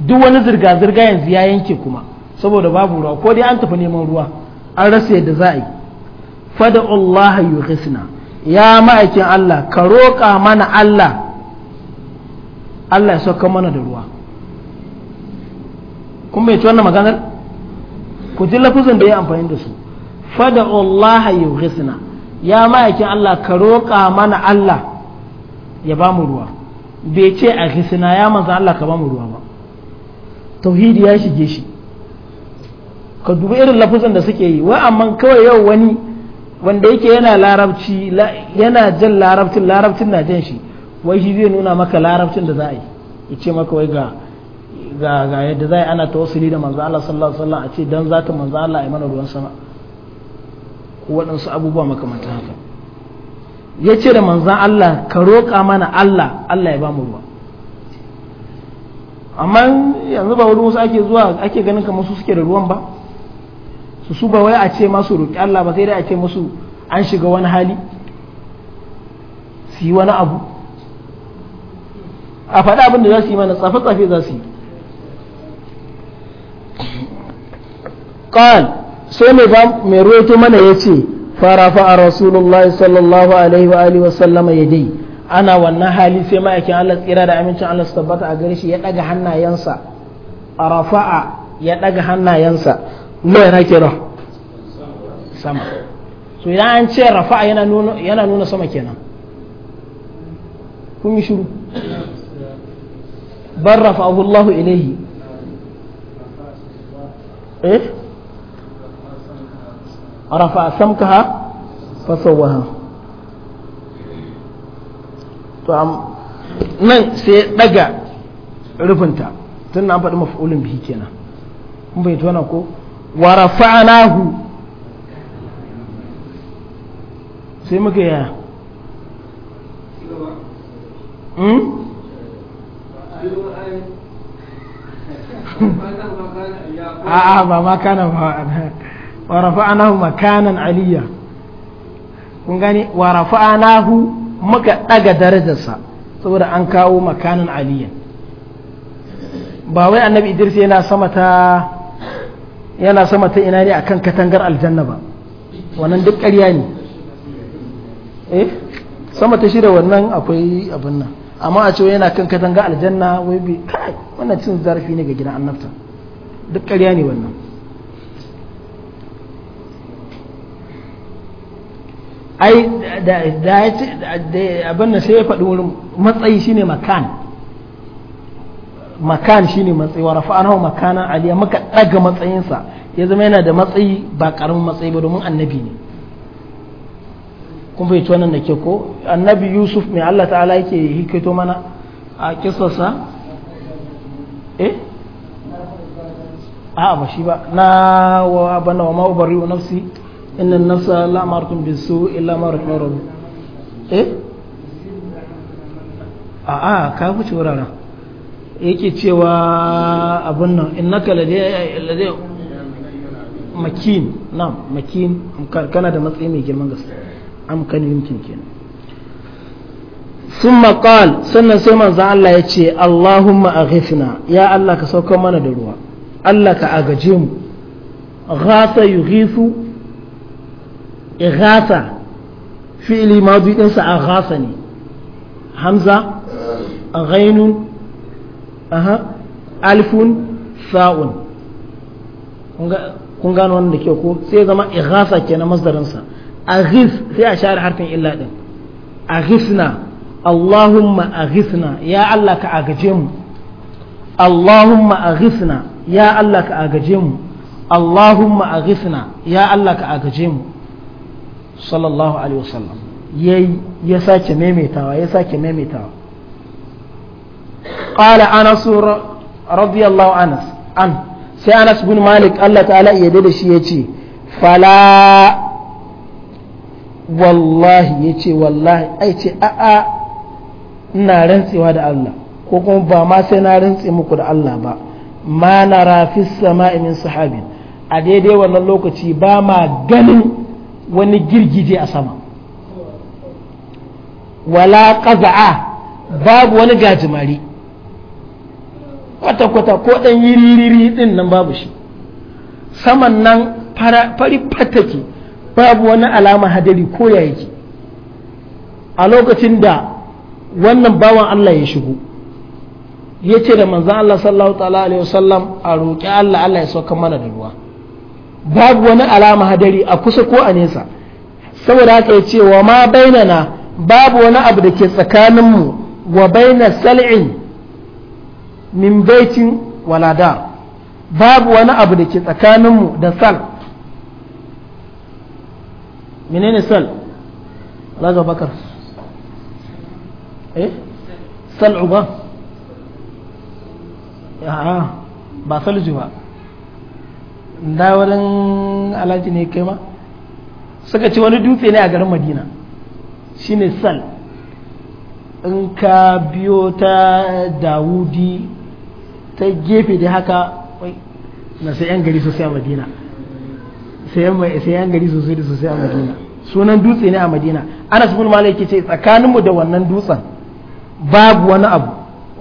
duk wani zirga zirga yanzu ya yanke kuma saboda babu ruwa ko dai an tafi neman ruwa an rasa yadda za a yi fada Allah yughisna ya ma'aikin Allah ka roƙa mana Allah Allah ya sauka mana da ruwa kun bai ci wannan maganar ku ji lafuzin da ya amfani da su fada Allah yughisna ya ma'aikin Allah ka roƙa mana Allah ya ba mu ruwa bai ce a hisina ya manzo Allah ka ba mu ruwa ba tauhidi ya shige shi ka dubi irin lafuzan da suke yi wa amma kawai yau wani wanda yake yana larabci yana jan larabcin larabcin na jan shi wai shi zai nuna maka larabcin da za a yi ya ce maka wai ga ga ga yadda za a yi ana tawassuli da manzo Allah sallallahu alaihi wasallam a ce dan zata manzo Allah ya mana ruwan sama ko waɗansu abubuwa makamantan haka ya ce da manzan Allah ka roƙa mana Allah Allah ya ba mu ruwa amma yanzu ba wani wasu ake zuwa ake ganin kamar su suke da ruwan ba su su ba wai a ce masu roƙi Allah ba sai dai a ce masu an shiga wani hali su yi wani abu a faɗi abin da za su yi mana tsafe-tsafe za su yi sai mai ruwaito mana ya ce farafa a rasulullah sallallahu alaihi wa alihi wasallama ya dai ana wannan hali sai ma'aikin Allah tsira da amincin Allah su tabbata a gare shi ya daga hannayensa a rafa'a ya daga hannayensa lo yana kira sama so idan an ce rafa'a yana nuna yana nuna sama kenan kun yi shiru bar rafa'ahu Allah ilaihi eh rafa samkaha fasawaha to am nan sai ya daga rufinta tun na faɗi maf'ulin bihi kenan kun bai tona ko wa rafa'nahu sai muka yaya hmm? a'a ba ma warafa'anahu makanan aliyya kun gani? warafa'anahu muka daga darajarsa saboda an kawo makanan aliyya ba wai annabi idris yana sama ta yana sama ta ina ne akan katangar aljanna ba wannan duk ƙarya ne eh sama ta shida wannan akwai abin nan amma a ce yana kan katangar aljanna wai bi kai wannan cin zarafi ne ga gidan annabta duk ƙarya ne wannan ai da ya ce abin da sai ya faɗi wurin matsayi shine makan makan shine matsayi wa rafa anahu makana aliya muka ɗaga matsayinsa ya zama yana da matsayi ba ƙaramin matsayi ba domin annabi ne kun fahimci wannan da ke ko annabi yusuf mai allah ta'ala yake hikito mana a kisarsa eh a'a ba shi ba na wa bana wa ma ubari wa nafsi inna nafsa la amartum bisu illa ma rahima rabbi eh a a ka wuce wuraren yake cewa abin nan innaka ladai makin na makin kana da matsayi mai girman gaske amkan yumkin kenan ثم قال سنة سيما زعل يتشي اللهم أغثنا يا الله كسوكا مانا دروا الله كأغجيم غاث يغيث ighasa fili madi ɗinsa a ghasa ne hamza ghainun aha alfun sa'un kun gano wannan da ke ko sai zama ighasa kenan masdarinsa aghis sai a share harfin illa din aghisna allahumma aghisna ya allah ka agaje mu allahumma aghisna ya allah ka agaje mu allahumma mu sallallahu alaihi wasallam ya sake maimaitawa ya sake maimaitawa qala anas radiyallahu anas an sai anas bin malik Allah ta'ala ya da shi yace fala wallahi yace wallahi ai ce a'a ina rantsewa da Allah ko kuma ba ma sai na rantse muku da Allah ba ma nara fis sama'i min sahabin a daidai wannan lokaci ba ma ganin wani girgije a sama wala qaza'a babu wani gajimari kwata-kwata ko ɗan yiriri ɗin nan babu shi saman nan fari fatake babu wani alama hadari ko ya yake a lokacin da wannan bawan Allah ya shigo ya ce da manzan Allah sallallahu alaihi wasallam a roƙi Allah Allah ya sauka mana da ruwa babu wani alama hadari a kusa ko a nesa saboda haka ya ce wa ma bainana babu wani abu da ke tsakaninmu wa baina sal'in min baitin walada babu wani abu da ke tsakaninmu da sal menene sal laga bakar eh sal'u ah, ba ba salju ba da wurin alhaji ne kai ma suka ce wani dutse ne a garin madina ne sal in ka biyo ta dawudi ta gefe da haka na sai yan gari sosai a madina sai yan gari sosai da sosai a madina sunan dutse ne a madina ana su kuma ke ce tsakaninmu da wannan dutsen babu wani abu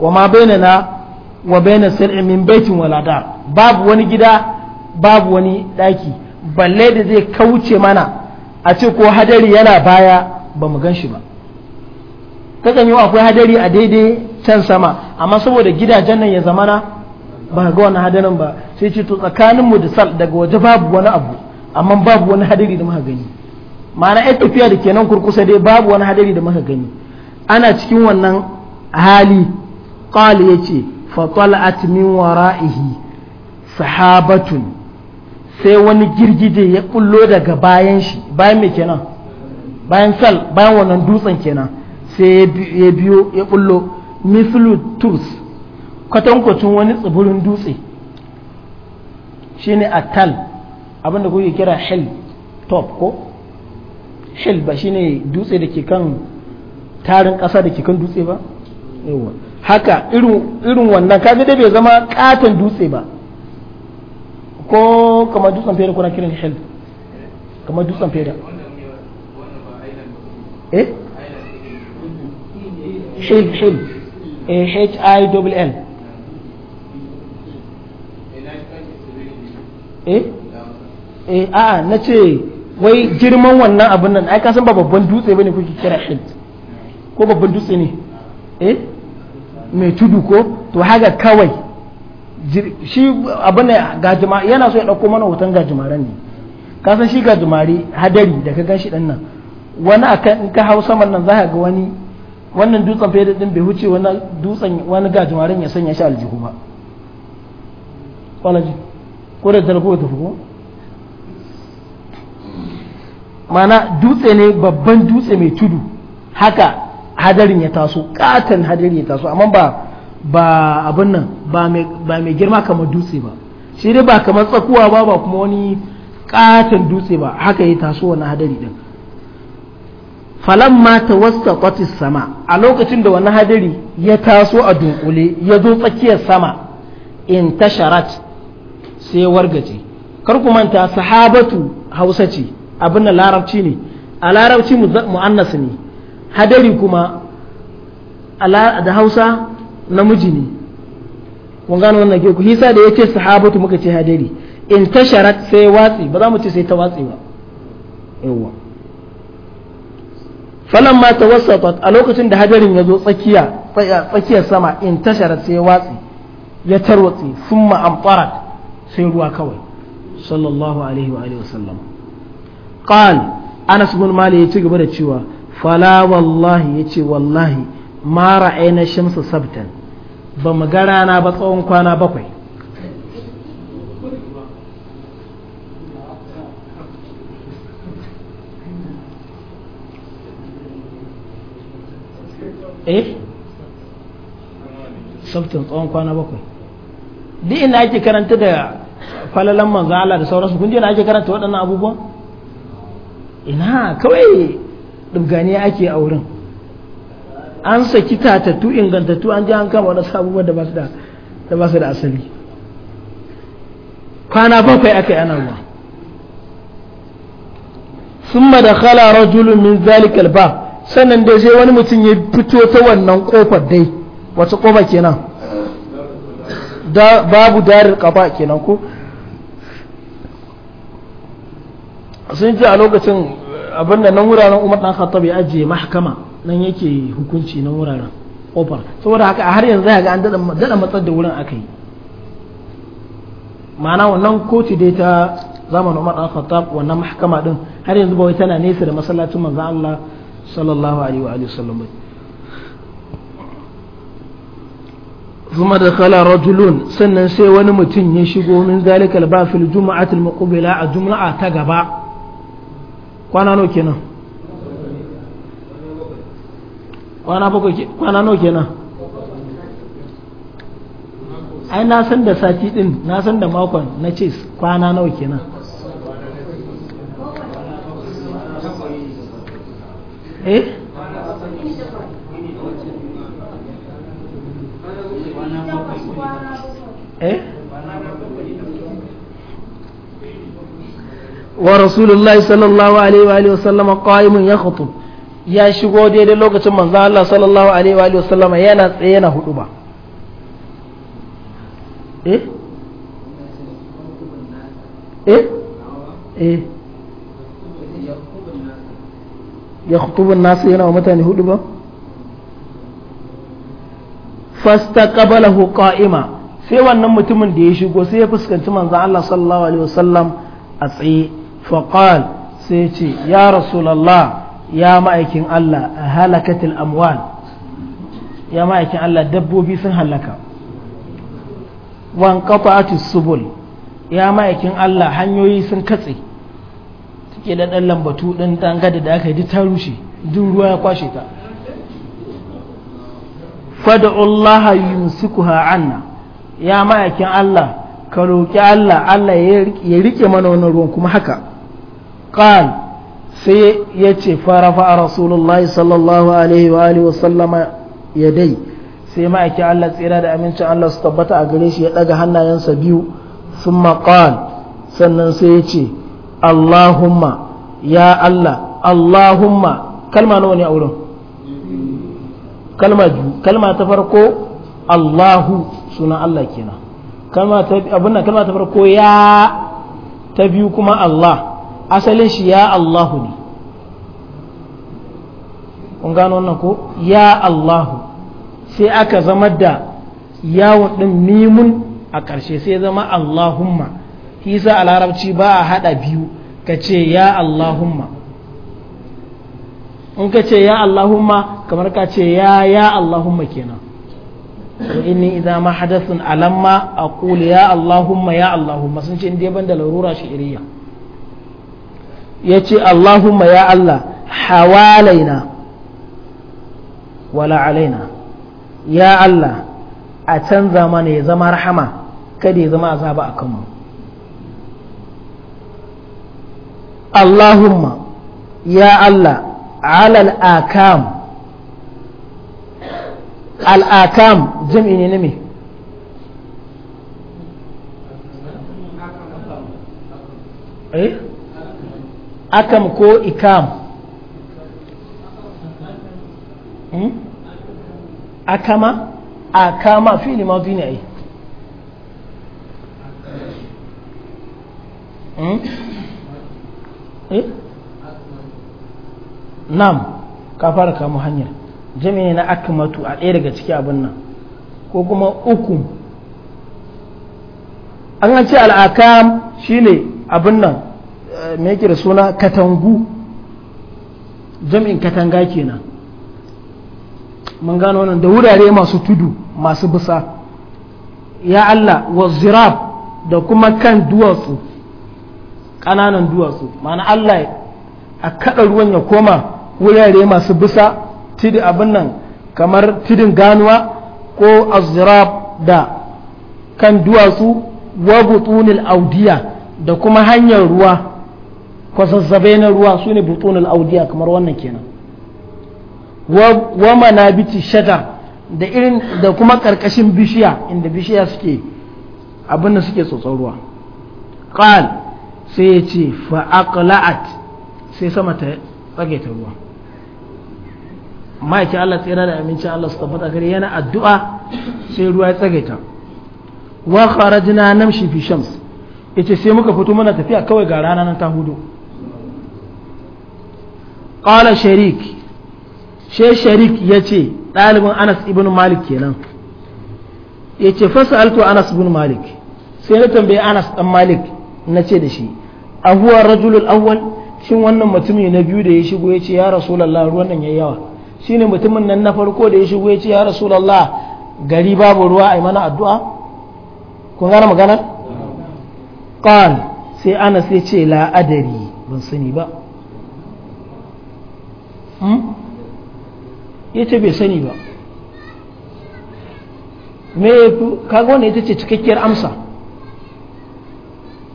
wa ma bai na wa bai na min baitin walada babu wani gida babu wani ɗaki balle da zai kauce mana a ce ko hadari yana baya ba mu gan shi ba kakan yi akwai hadari a daidai can sama amma saboda gidajen nan ya zamana ba ga wani hadarin ba sai ce to tsakaninmu da sal daga waje babu wani abu amma babu wani hadari da muka gani ma'ana 'yar tafiya da kenan kurkusa dai babu wani hadari da muka gani ana cikin wannan hali qali yace fa talat min wara'ihi sahabatun sai wani girgije ya kullo daga bayan shi bayan me kenan bayan sal bayan wannan dutsen kenan sai ya biyo ya kullo mislu tus kwatankwacin wani tsibirin dutse shine atal abinda kuke kira hill top ko hill ba shine dutse da ke kan tarin ƙasa da ke kan dutse ba haka irin wannan kaga da bai zama katon dutse ba ko kamar dutsen fere kuna kiran shell kamar dutsen fere eh shell shell eh, h i W l eh eh a na ce wai girman wannan abin nan ai kasan ba babban dutse bane kuke kira shell ko babban dutse ne eh mai tudu ko to haka kawai shi abin gajima yana so ya ɗauko mana hoton gajimaren ne ka san shi gajimari hadari da ka gashi ɗan nan wani akan in ka hau saman nan za ka ga wani wannan dutsen fere din bai huce wani dutsen wani gajimaren ya sanya shi aljihu ba kwalaji ko da talko ta fuko mana dutse ne babban dutse mai tudu haka hadarin ya taso katon hadarin ya taso amma ba ba abin nan ba mai girma kamar dutse ba shi dai ba kamar tsakuwa ba ba kuma wani katon dutse ba haka ya taso wani hadari din falamma ta wasta kwatis sama a lokacin da wani hadari ya taso a dunkule ya zo tsakiyar sama in tasharat sai wargaje kar ku manta sahabatu hausa ce abin da larabci ne a larabci mu'annas ne hadari kuma da hausa namiji ne kun gano wannan ke ku hisa da ya ce sahabatu muka ce hadari in tasharat sai watsi ba za mu ce sai ta watsi ba yawa falan ma tawassatat a lokacin da hadarin ya zo tsakiya tsakiyar sama in tasharat sai watsi ya tarwatsi ma amtarat sai ruwa kawai sallallahu alaihi wa alihi wasallam qal anas bin malik ya ci gaba da cewa fala wallahi yace wallahi ma ra'ayna shamsa sabtan ba mu ga rana ba tsawon kwana bakwai eh sabtin tsawon kwana bakwai duk ina ake karanta da falalan manzo Allah da sauransu kun je da ake karanta waɗannan abubuwan ina kawai dubgani ake a wurin an saki tatattu ingantattu an je an kama wani sabuwar da ba su da asali kwana bakwai aka yi ana ruwa sun da khala rajulun min zalikal ba sannan dai sai wani mutum ya fito ta wannan kofar dai wata kofa kenan babu darin kafa kenan ko sun ji a lokacin abin da nan wuraren umar dan khattab ya ajiye mahkama nan yake hukunci na wuraren kofar saboda haka a har yanzu ya ga an daɗa matsar da wurin aka yi ma'ana wannan kotu dai ta zaman umar al khattab wannan mahakama din har yanzu bawai tana nesa da masallacin manzan Allah sallallahu alaihi wa alihi wasallam ثم دخل رجل سنن سي wani mutum ya shigo min zalikal ba fil muqbila a jum'a ta gaba kwana nawa kenan kwana bakwai kwana nawa kenan ai na san da sati din na san da makon na ce kwana nawa kenan eh eh ورسول الله صلى الله عليه وآله وسلم قائم يخطب ya shigo daidai lokacin manzan Allah sallallahu alaihi wa sallama yana tsaye yana hudu ba eh eh eh ya khutubun nasu yana wa mutane hudu ba fastaqabalahu qa'ima sai wannan mutumin da ya shigo sai ya fuskanci manzon Allah sallallahu alaihi wasallam a tsaye fa sai ce ya rasulallah. ya ma'aikin Allah halakatil amwal ya ma'aikin Allah dabbobi sun halaka wan qata'atis subul ya ma'aikin Allah hanyoyi sun katse take da dan lambatu din da aka yi ta rushe duk ruwa ya kwashe ta fad'u Allah yumsikuha anna ya ma'aikin Allah ka roki Allah Allah ya rike mana wannan ruwan kuma haka qal sai ya ce fara fa'a rasulullahi sallallahu alaihi wa alihi wasallama ya dai sai ma'aikin Allah tsira da amincin Allah su tabbata a gare shi ya ɗaga hannayensa biyu sun maƙal sannan sai ya ce Allahumma ya Allah Allahumma kalma nawa ne a wurin kalma biyu kalma ta farko Allahu suna Allah kenan kalma ta kalma ta farko ya ta biyu kuma Allah asalin shi ya Allahu ne kun gano wannan ko ya Allahu sai aka zama da yawon ɗin mimun a ƙarshe sai zama Allahumma hisa a larabci ba a haɗa biyu ka ce ya Allahumma in ka ce ya Allahumma kamar ka ce ya ya Allahumma kenan to inni idan ma hadasun alamma aqul ya Allahumma ya Allahumma sun ce in dai ban da larura shi iriya ya ce Allahumma ya Allah hawalaina wala alaina ya Allah a canza mana ya zama rahama kada ya zama azaba a kanmu Allahumma ya Allah alal akam al'akam jim'i ne na me eh akam ko ikam hmm? akama akama fi'li madhi ne ai hmm? eh? nam ka fara kamu hanyar jami'i na akamatu a ɗaya daga ciki abin nan ko kuma uku an ce al'akam shine abin nan me yake da suna katangu jami'in katanga kenan mun gano nan da wurare masu tudu masu bisa ya Allah wa zirab da kuma kan duwatsu ƙananan duwatsu ma'ana Allah a kaɗa ruwan ya koma wurare masu bisa tidi abin nan kamar tidin ganuwa ko azirab da kan duwatsu wa butunil audiya da kuma hanyar ruwa Kwazazzabe na ruwa su ne butunul audiya kamar wannan kenan wa biti shajar da irin da kuma karkashin bishiya inda bishiya suke abin da suke tsotsar ruwa qal sai ya ce fa sai sama ta tsage ta ruwa ma'aiki Allah tsira da amincin Allah su tabbata gare yana addu'a sai ruwa ya tsage ta wa kharajna namshi fi shams yace sai muka fito muna tafiya kawai ga rana nan ta hudu qala sharik she sharik yace ɗalibin Anas ibn Malik kenan yace alto Anas ibn Malik sai na tambaye Anas ɗan Malik na ce da shi a rajulul awwal shin wannan mutumi na biyu da ya shigo ya ce ya rasulullah ruwan nan yayi yawa shine mutumin nan na farko da ya shigo ya ce ya rasulullah gari babu ruwa ai mana addu'a kun gane maganar qal sai Anas ya ce la ban sani ba Hmm? ya ce bai sani ba me kaga wannan ita ce cikakkiyar amsa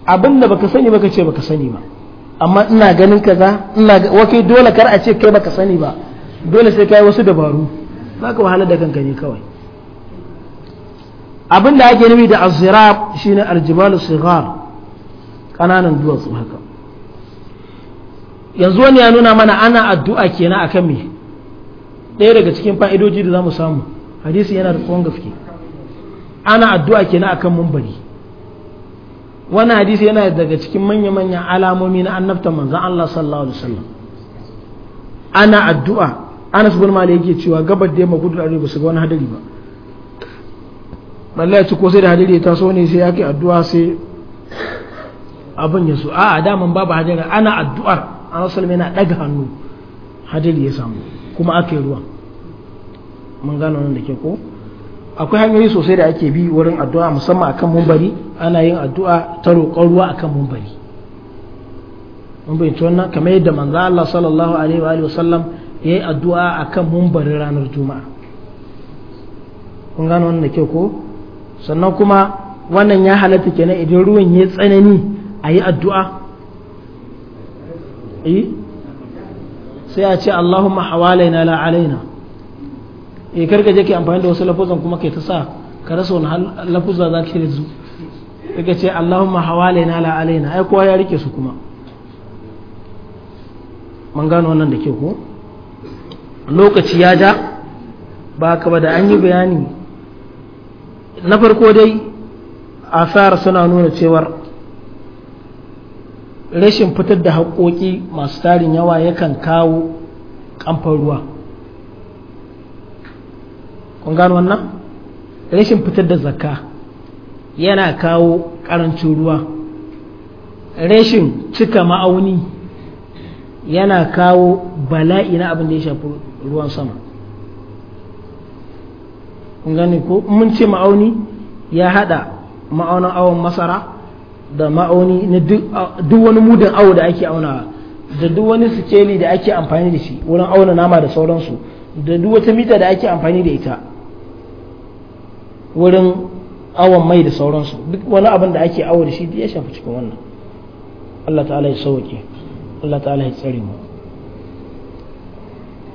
abin da baka sani baka ce baka sani ba amma ina ganin kaza ina wakai dole kar a ce kai baka sani ba dole sai kai wasu dabaru za ka wahala da kanka ne kawai abin da ake nufi da azirab shine aljibalu sigar kananan duwatsu haka yanzu wani ya nuna mana ana addu'a kenan akan me ɗaya daga cikin fa'idoji da zamu samu hadisi yana da tsawon gaske ana addu'a kenan akan mumbari wannan hadisi yana daga cikin manya-manyan alamomi na annabta manzan Allah sallallahu alaihi wasallam ana addu'a ana bin Malik yake cewa gabar da yamma gudu ba su ga wani hadari ba Allah ya ci ko sai da hadari ya taso ne sai yake addu'a sai abin ya so a'a daman babu hadari ana addu'ar ana sallam yana daga hannu hadari ya samu kuma aka yi ruwa mun gano nan da ke ko akwai hanyoyi sosai da ake bi wurin addu'a musamman akan mumbari ana yin addu'a ta roƙon ruwa akan mumbari mun bayyana wannan kamar yadda manzo Allah sallallahu alaihi wa alihi wasallam yayi addu'a akan mumbarin ranar juma'a kun gano wannan da ke ko sannan kuma wannan ya halatta kenan idan ruwan ya tsanani a yi addu'a eh sai a ce Allahumma hawalaina la alaina eh karka je ki amfani da wasu lafuzan kuma kai ta sa ka rasa wani lafuzan za ka rizu kaga ce Allahumma hawalaina la alaina ai kowa ya rike su kuma mun gano wannan da ke ko lokaci ya ja ba ka ba da an yi bayani na farko dai asar suna nuna cewar rashin fitar da haƙoƙi masu tarin yawa yakan kawo ƙamfan ruwa kun gano wannan rashin fitar da zakka yana kawo ƙarancin ruwa rashin cika ma'auni yana kawo bala'i na abin da ya shafi ruwan sama kun gane ko mun ce ma'auni ya haɗa ma'aunin awon masara da ma'auni na duk wani mudan awo da ake aunawa da duk wani sikeli da ake amfani da shi wurin auna nama da sauransu da duk wata mita da ake amfani da ita wurin awon mai da sauransu duk wani abin da ake awo da shi ya shafi cikin wannan Allah ta'ala ya sauke Allah ta'ala ya tsare mu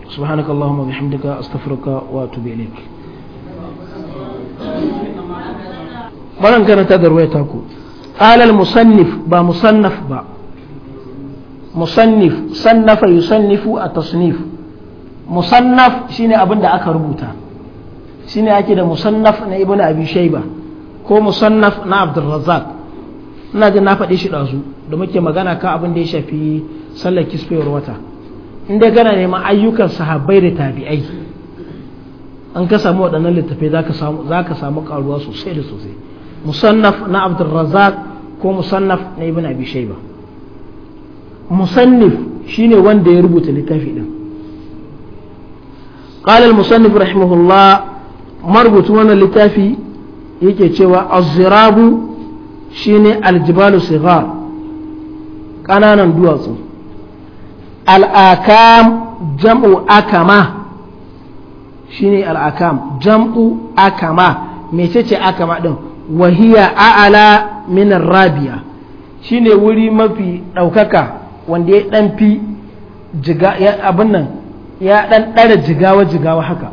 سبحانك اللهم وبحمدك استغفرك واتوب اليك. ما كانت هذا رواية تاكو قال المصنف با مصنف با مصنف صنف يصنف التصنيف مصنف شيني أبن دا أكا ربوتا شيني أكي دا مصنف نا ابن أبي شيبة كو مصنف نا عبد الرزاق ina jin na faɗi shi ɗazu da muke magana kan abin da ya shafi sallar kisfewar wata inda gana neman ayyukan sahabbai da tabi'ai an ka samu waɗannan littattafai za ka samu ƙaruwa sosai da sosai musannaf na abdulrazak ko musannaf na ibn abi shayba musannif shine wanda ya rubuta littafi din qala al musannif rahimahullah marubutu wannan littafi yake cewa az-zirabu shine al-jibalu duwatsu al jam'u akama shine al jam'u akama mecece akama din wahiya a'ala min rabiya shine wuri mafi ɗaukaka wanda ya ɗan fi abin nan ya ɗan ɗara jigawa jigawa haka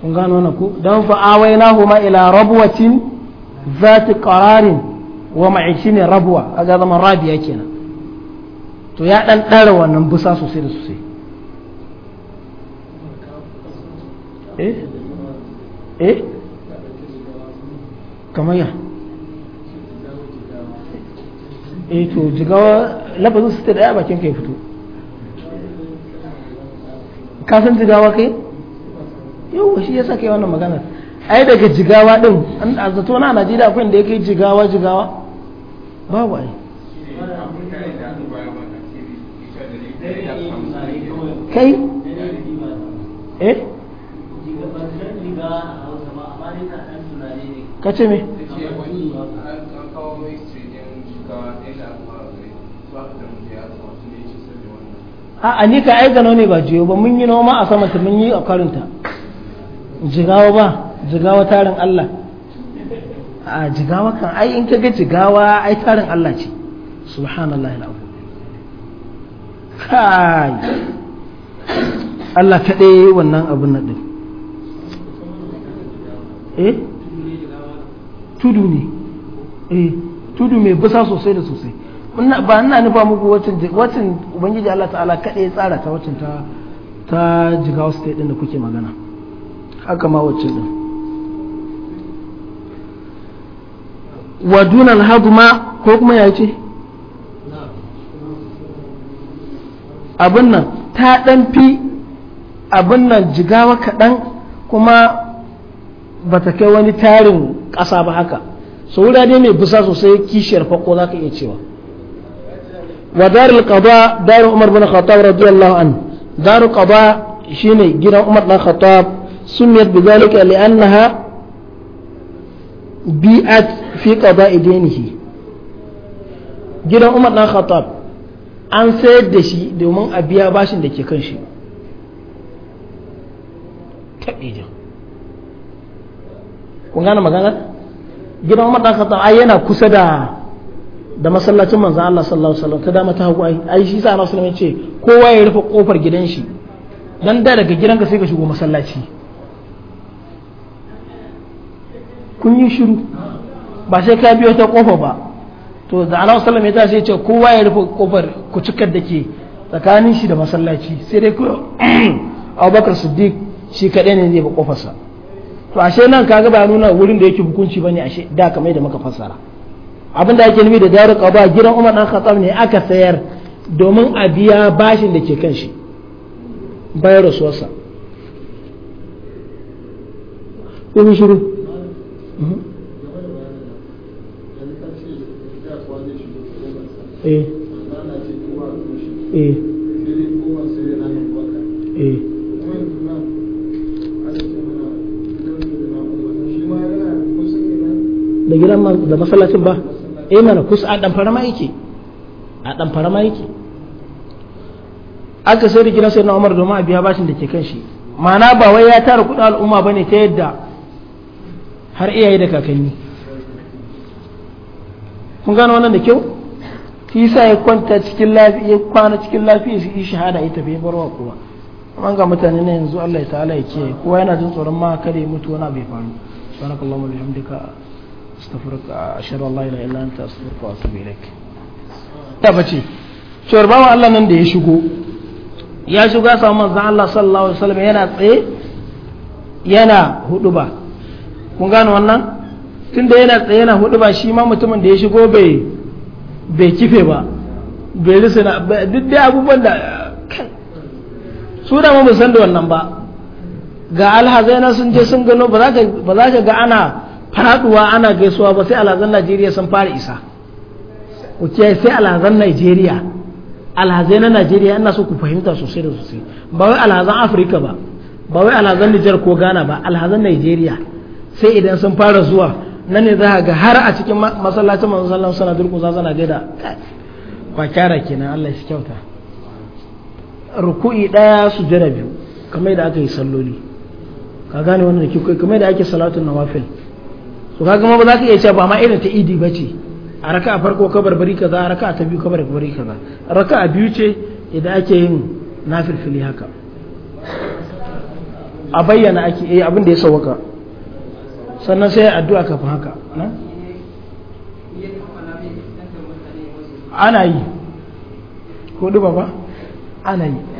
kun gano na ku don fa'awai na huma ila rabuwacin za ta ƙararin wa ma'aishi ne rabuwa a ga zaman rabiya kenan to ya ɗan ɗara wannan busa sosai da sosai eh eh kamar ya e to jigawa lafazin su ta daya bakin kai fito ka san jigawa kai yau shi yasa kai wannan magana ai daga jigawa din an zato na Najeriya akwai da yake jigawa jigawa babu ai kai eh ka ce me a ni ka ai gano ne ba jiyo ba mun yi noma a sama ta mun yi a karinta jigawa ba jigawa tarin Allah a jigawa kan ai in ka ga jigawa ai tarin Allah ce subhanallahi alazim kai Allah kaɗai wannan abin nan din eh tudu ne eh tudu mai bisa sosai da sosai ba ina nufa muku wacin wacin ubangiji Allah ta'ala kada ya tsara ta wacin ta ta jigawa state din da kuke magana haka ma wacin din wa dunal hadma ko kuma ya ce abin nan ta dan fi abin nan jigawa kaɗan kuma ba ta kai wani tarin ƙasa ba haka so wura mai busa sosai kishiyar fako za ka iya cewa wa darul qada daru umar bin khattab radiyallahu an daru qada shine gidan umar bin khattab sunniyat bi zalika li bi'at fi qada'i dinihi gidan umar bin khattab an sayar da shi domin a biya bashin da ke kan shi taɓe kun gane magana gidan Umar dan Khattab ai yana kusa da da masallacin manzo Allah sallallahu alaihi wasallam ta dama ta hagu ai ai shi sa Allah sallallahu alaihi wasallam ya ce kowa ya rufe kofar gidan shi dan da daga ka sai ka shigo masallaci kun yi shiru ba sai ka biyo ta kofa ba to da Allah sallallahu alaihi wasallam ya ce kowa ya rufe kofar ku cikar da ke tsakanin shi da masallaci sai dai ko [CLEARS THROAT] Abubakar Siddiq shi kadai ne zai ba kofarsa to ashe nan kaga ba nuna wurin da yake hukunci bane ashe da kamar da muka fassara abin da ake nufi da daru qada gidan Umar dan Khattab ne aka sayar domin a biya bashin da ke kanshi shi rasuwarsa ko shiru mhm. eh eh eh da gidan da masallacin ba eh mana kusa a damfara ma yake a damfara ma yake aka sai da gidan sai na umar domin a biya bashin da ke kan shi ma'ana ba wai ya tara kudin al'umma bane ta yadda har iyaye da kakanni kun gano wannan da kyau shi sa ya kwanta cikin lafiya ya kwana cikin lafiya shi shahada ya bai barwa kowa amma ga mutane na yanzu Allah ya ta'ala ya kiyaye kowa yana jin tsoron ma kada ya mutu bai faru استغفرك اشهد ان لا اله الا انت استغفرك واتوب اليك tabbaci cewar bawan Allah nan da ya shigo ya shigo الله صلى الله عليه وسلم alaihi wasallam yana tsaye كون huduba wannan gano da yana tsaye yana huduba shi ma mutumin da ya shigo bai bai kife ba bai na duk dai abubuwan da su da mu san da wannan ba ga alhazai na sun je sun gano ba za ka ga ana faraduwa ana gaisuwa ba sai alhazan najeriya sun fara isa ku ce sai alhazan najeriya alhazai na najeriya ina so ku fahimta sosai da sosai ba wai alhazan afirka ba ba wai alhazan nijar ko ghana ba alhazan najeriya sai idan sun fara zuwa nan ne za ga har a cikin masallacin manzon sallallahu suna durku za sana gaida kwa kyara kenan Allah ya kyauta ruku'i daya jira biyu kamar da aka yi salloli ka gane wannan da kyau kamar da ake salatun nawafil su kaga ma ba za ka iya cewa ba ma irin ta idi ba ce a raka a farko barbari ka kaza a raka ta biyu ka bari kaza raka a biyu ce idan ake yin nafilfili haka a bayyana ake eh abin da ya sauka sannan sai addu'a kafin haka na ana yi ko duba ba ana yi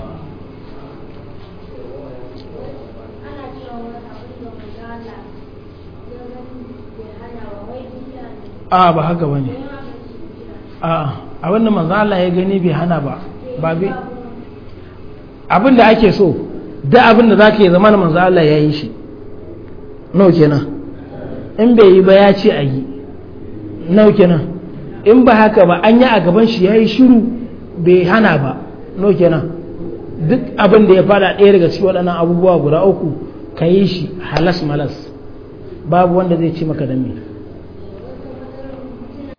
a ba haka bane a abinda manzala ya gani bai hana ba ba bi abinda ake so da abinda ka yi zamanin manzala ya yi shi nau nan? in bai yi ba ya ce a yi nau nan? in ba haka ba an yi a gaban shi ya yi shiru bai hana ba no nan? duk abin da ya fada ɗaya daga cikin waɗannan abubuwa guda uku ka yi shi halas malas babu wanda zai ce maka da me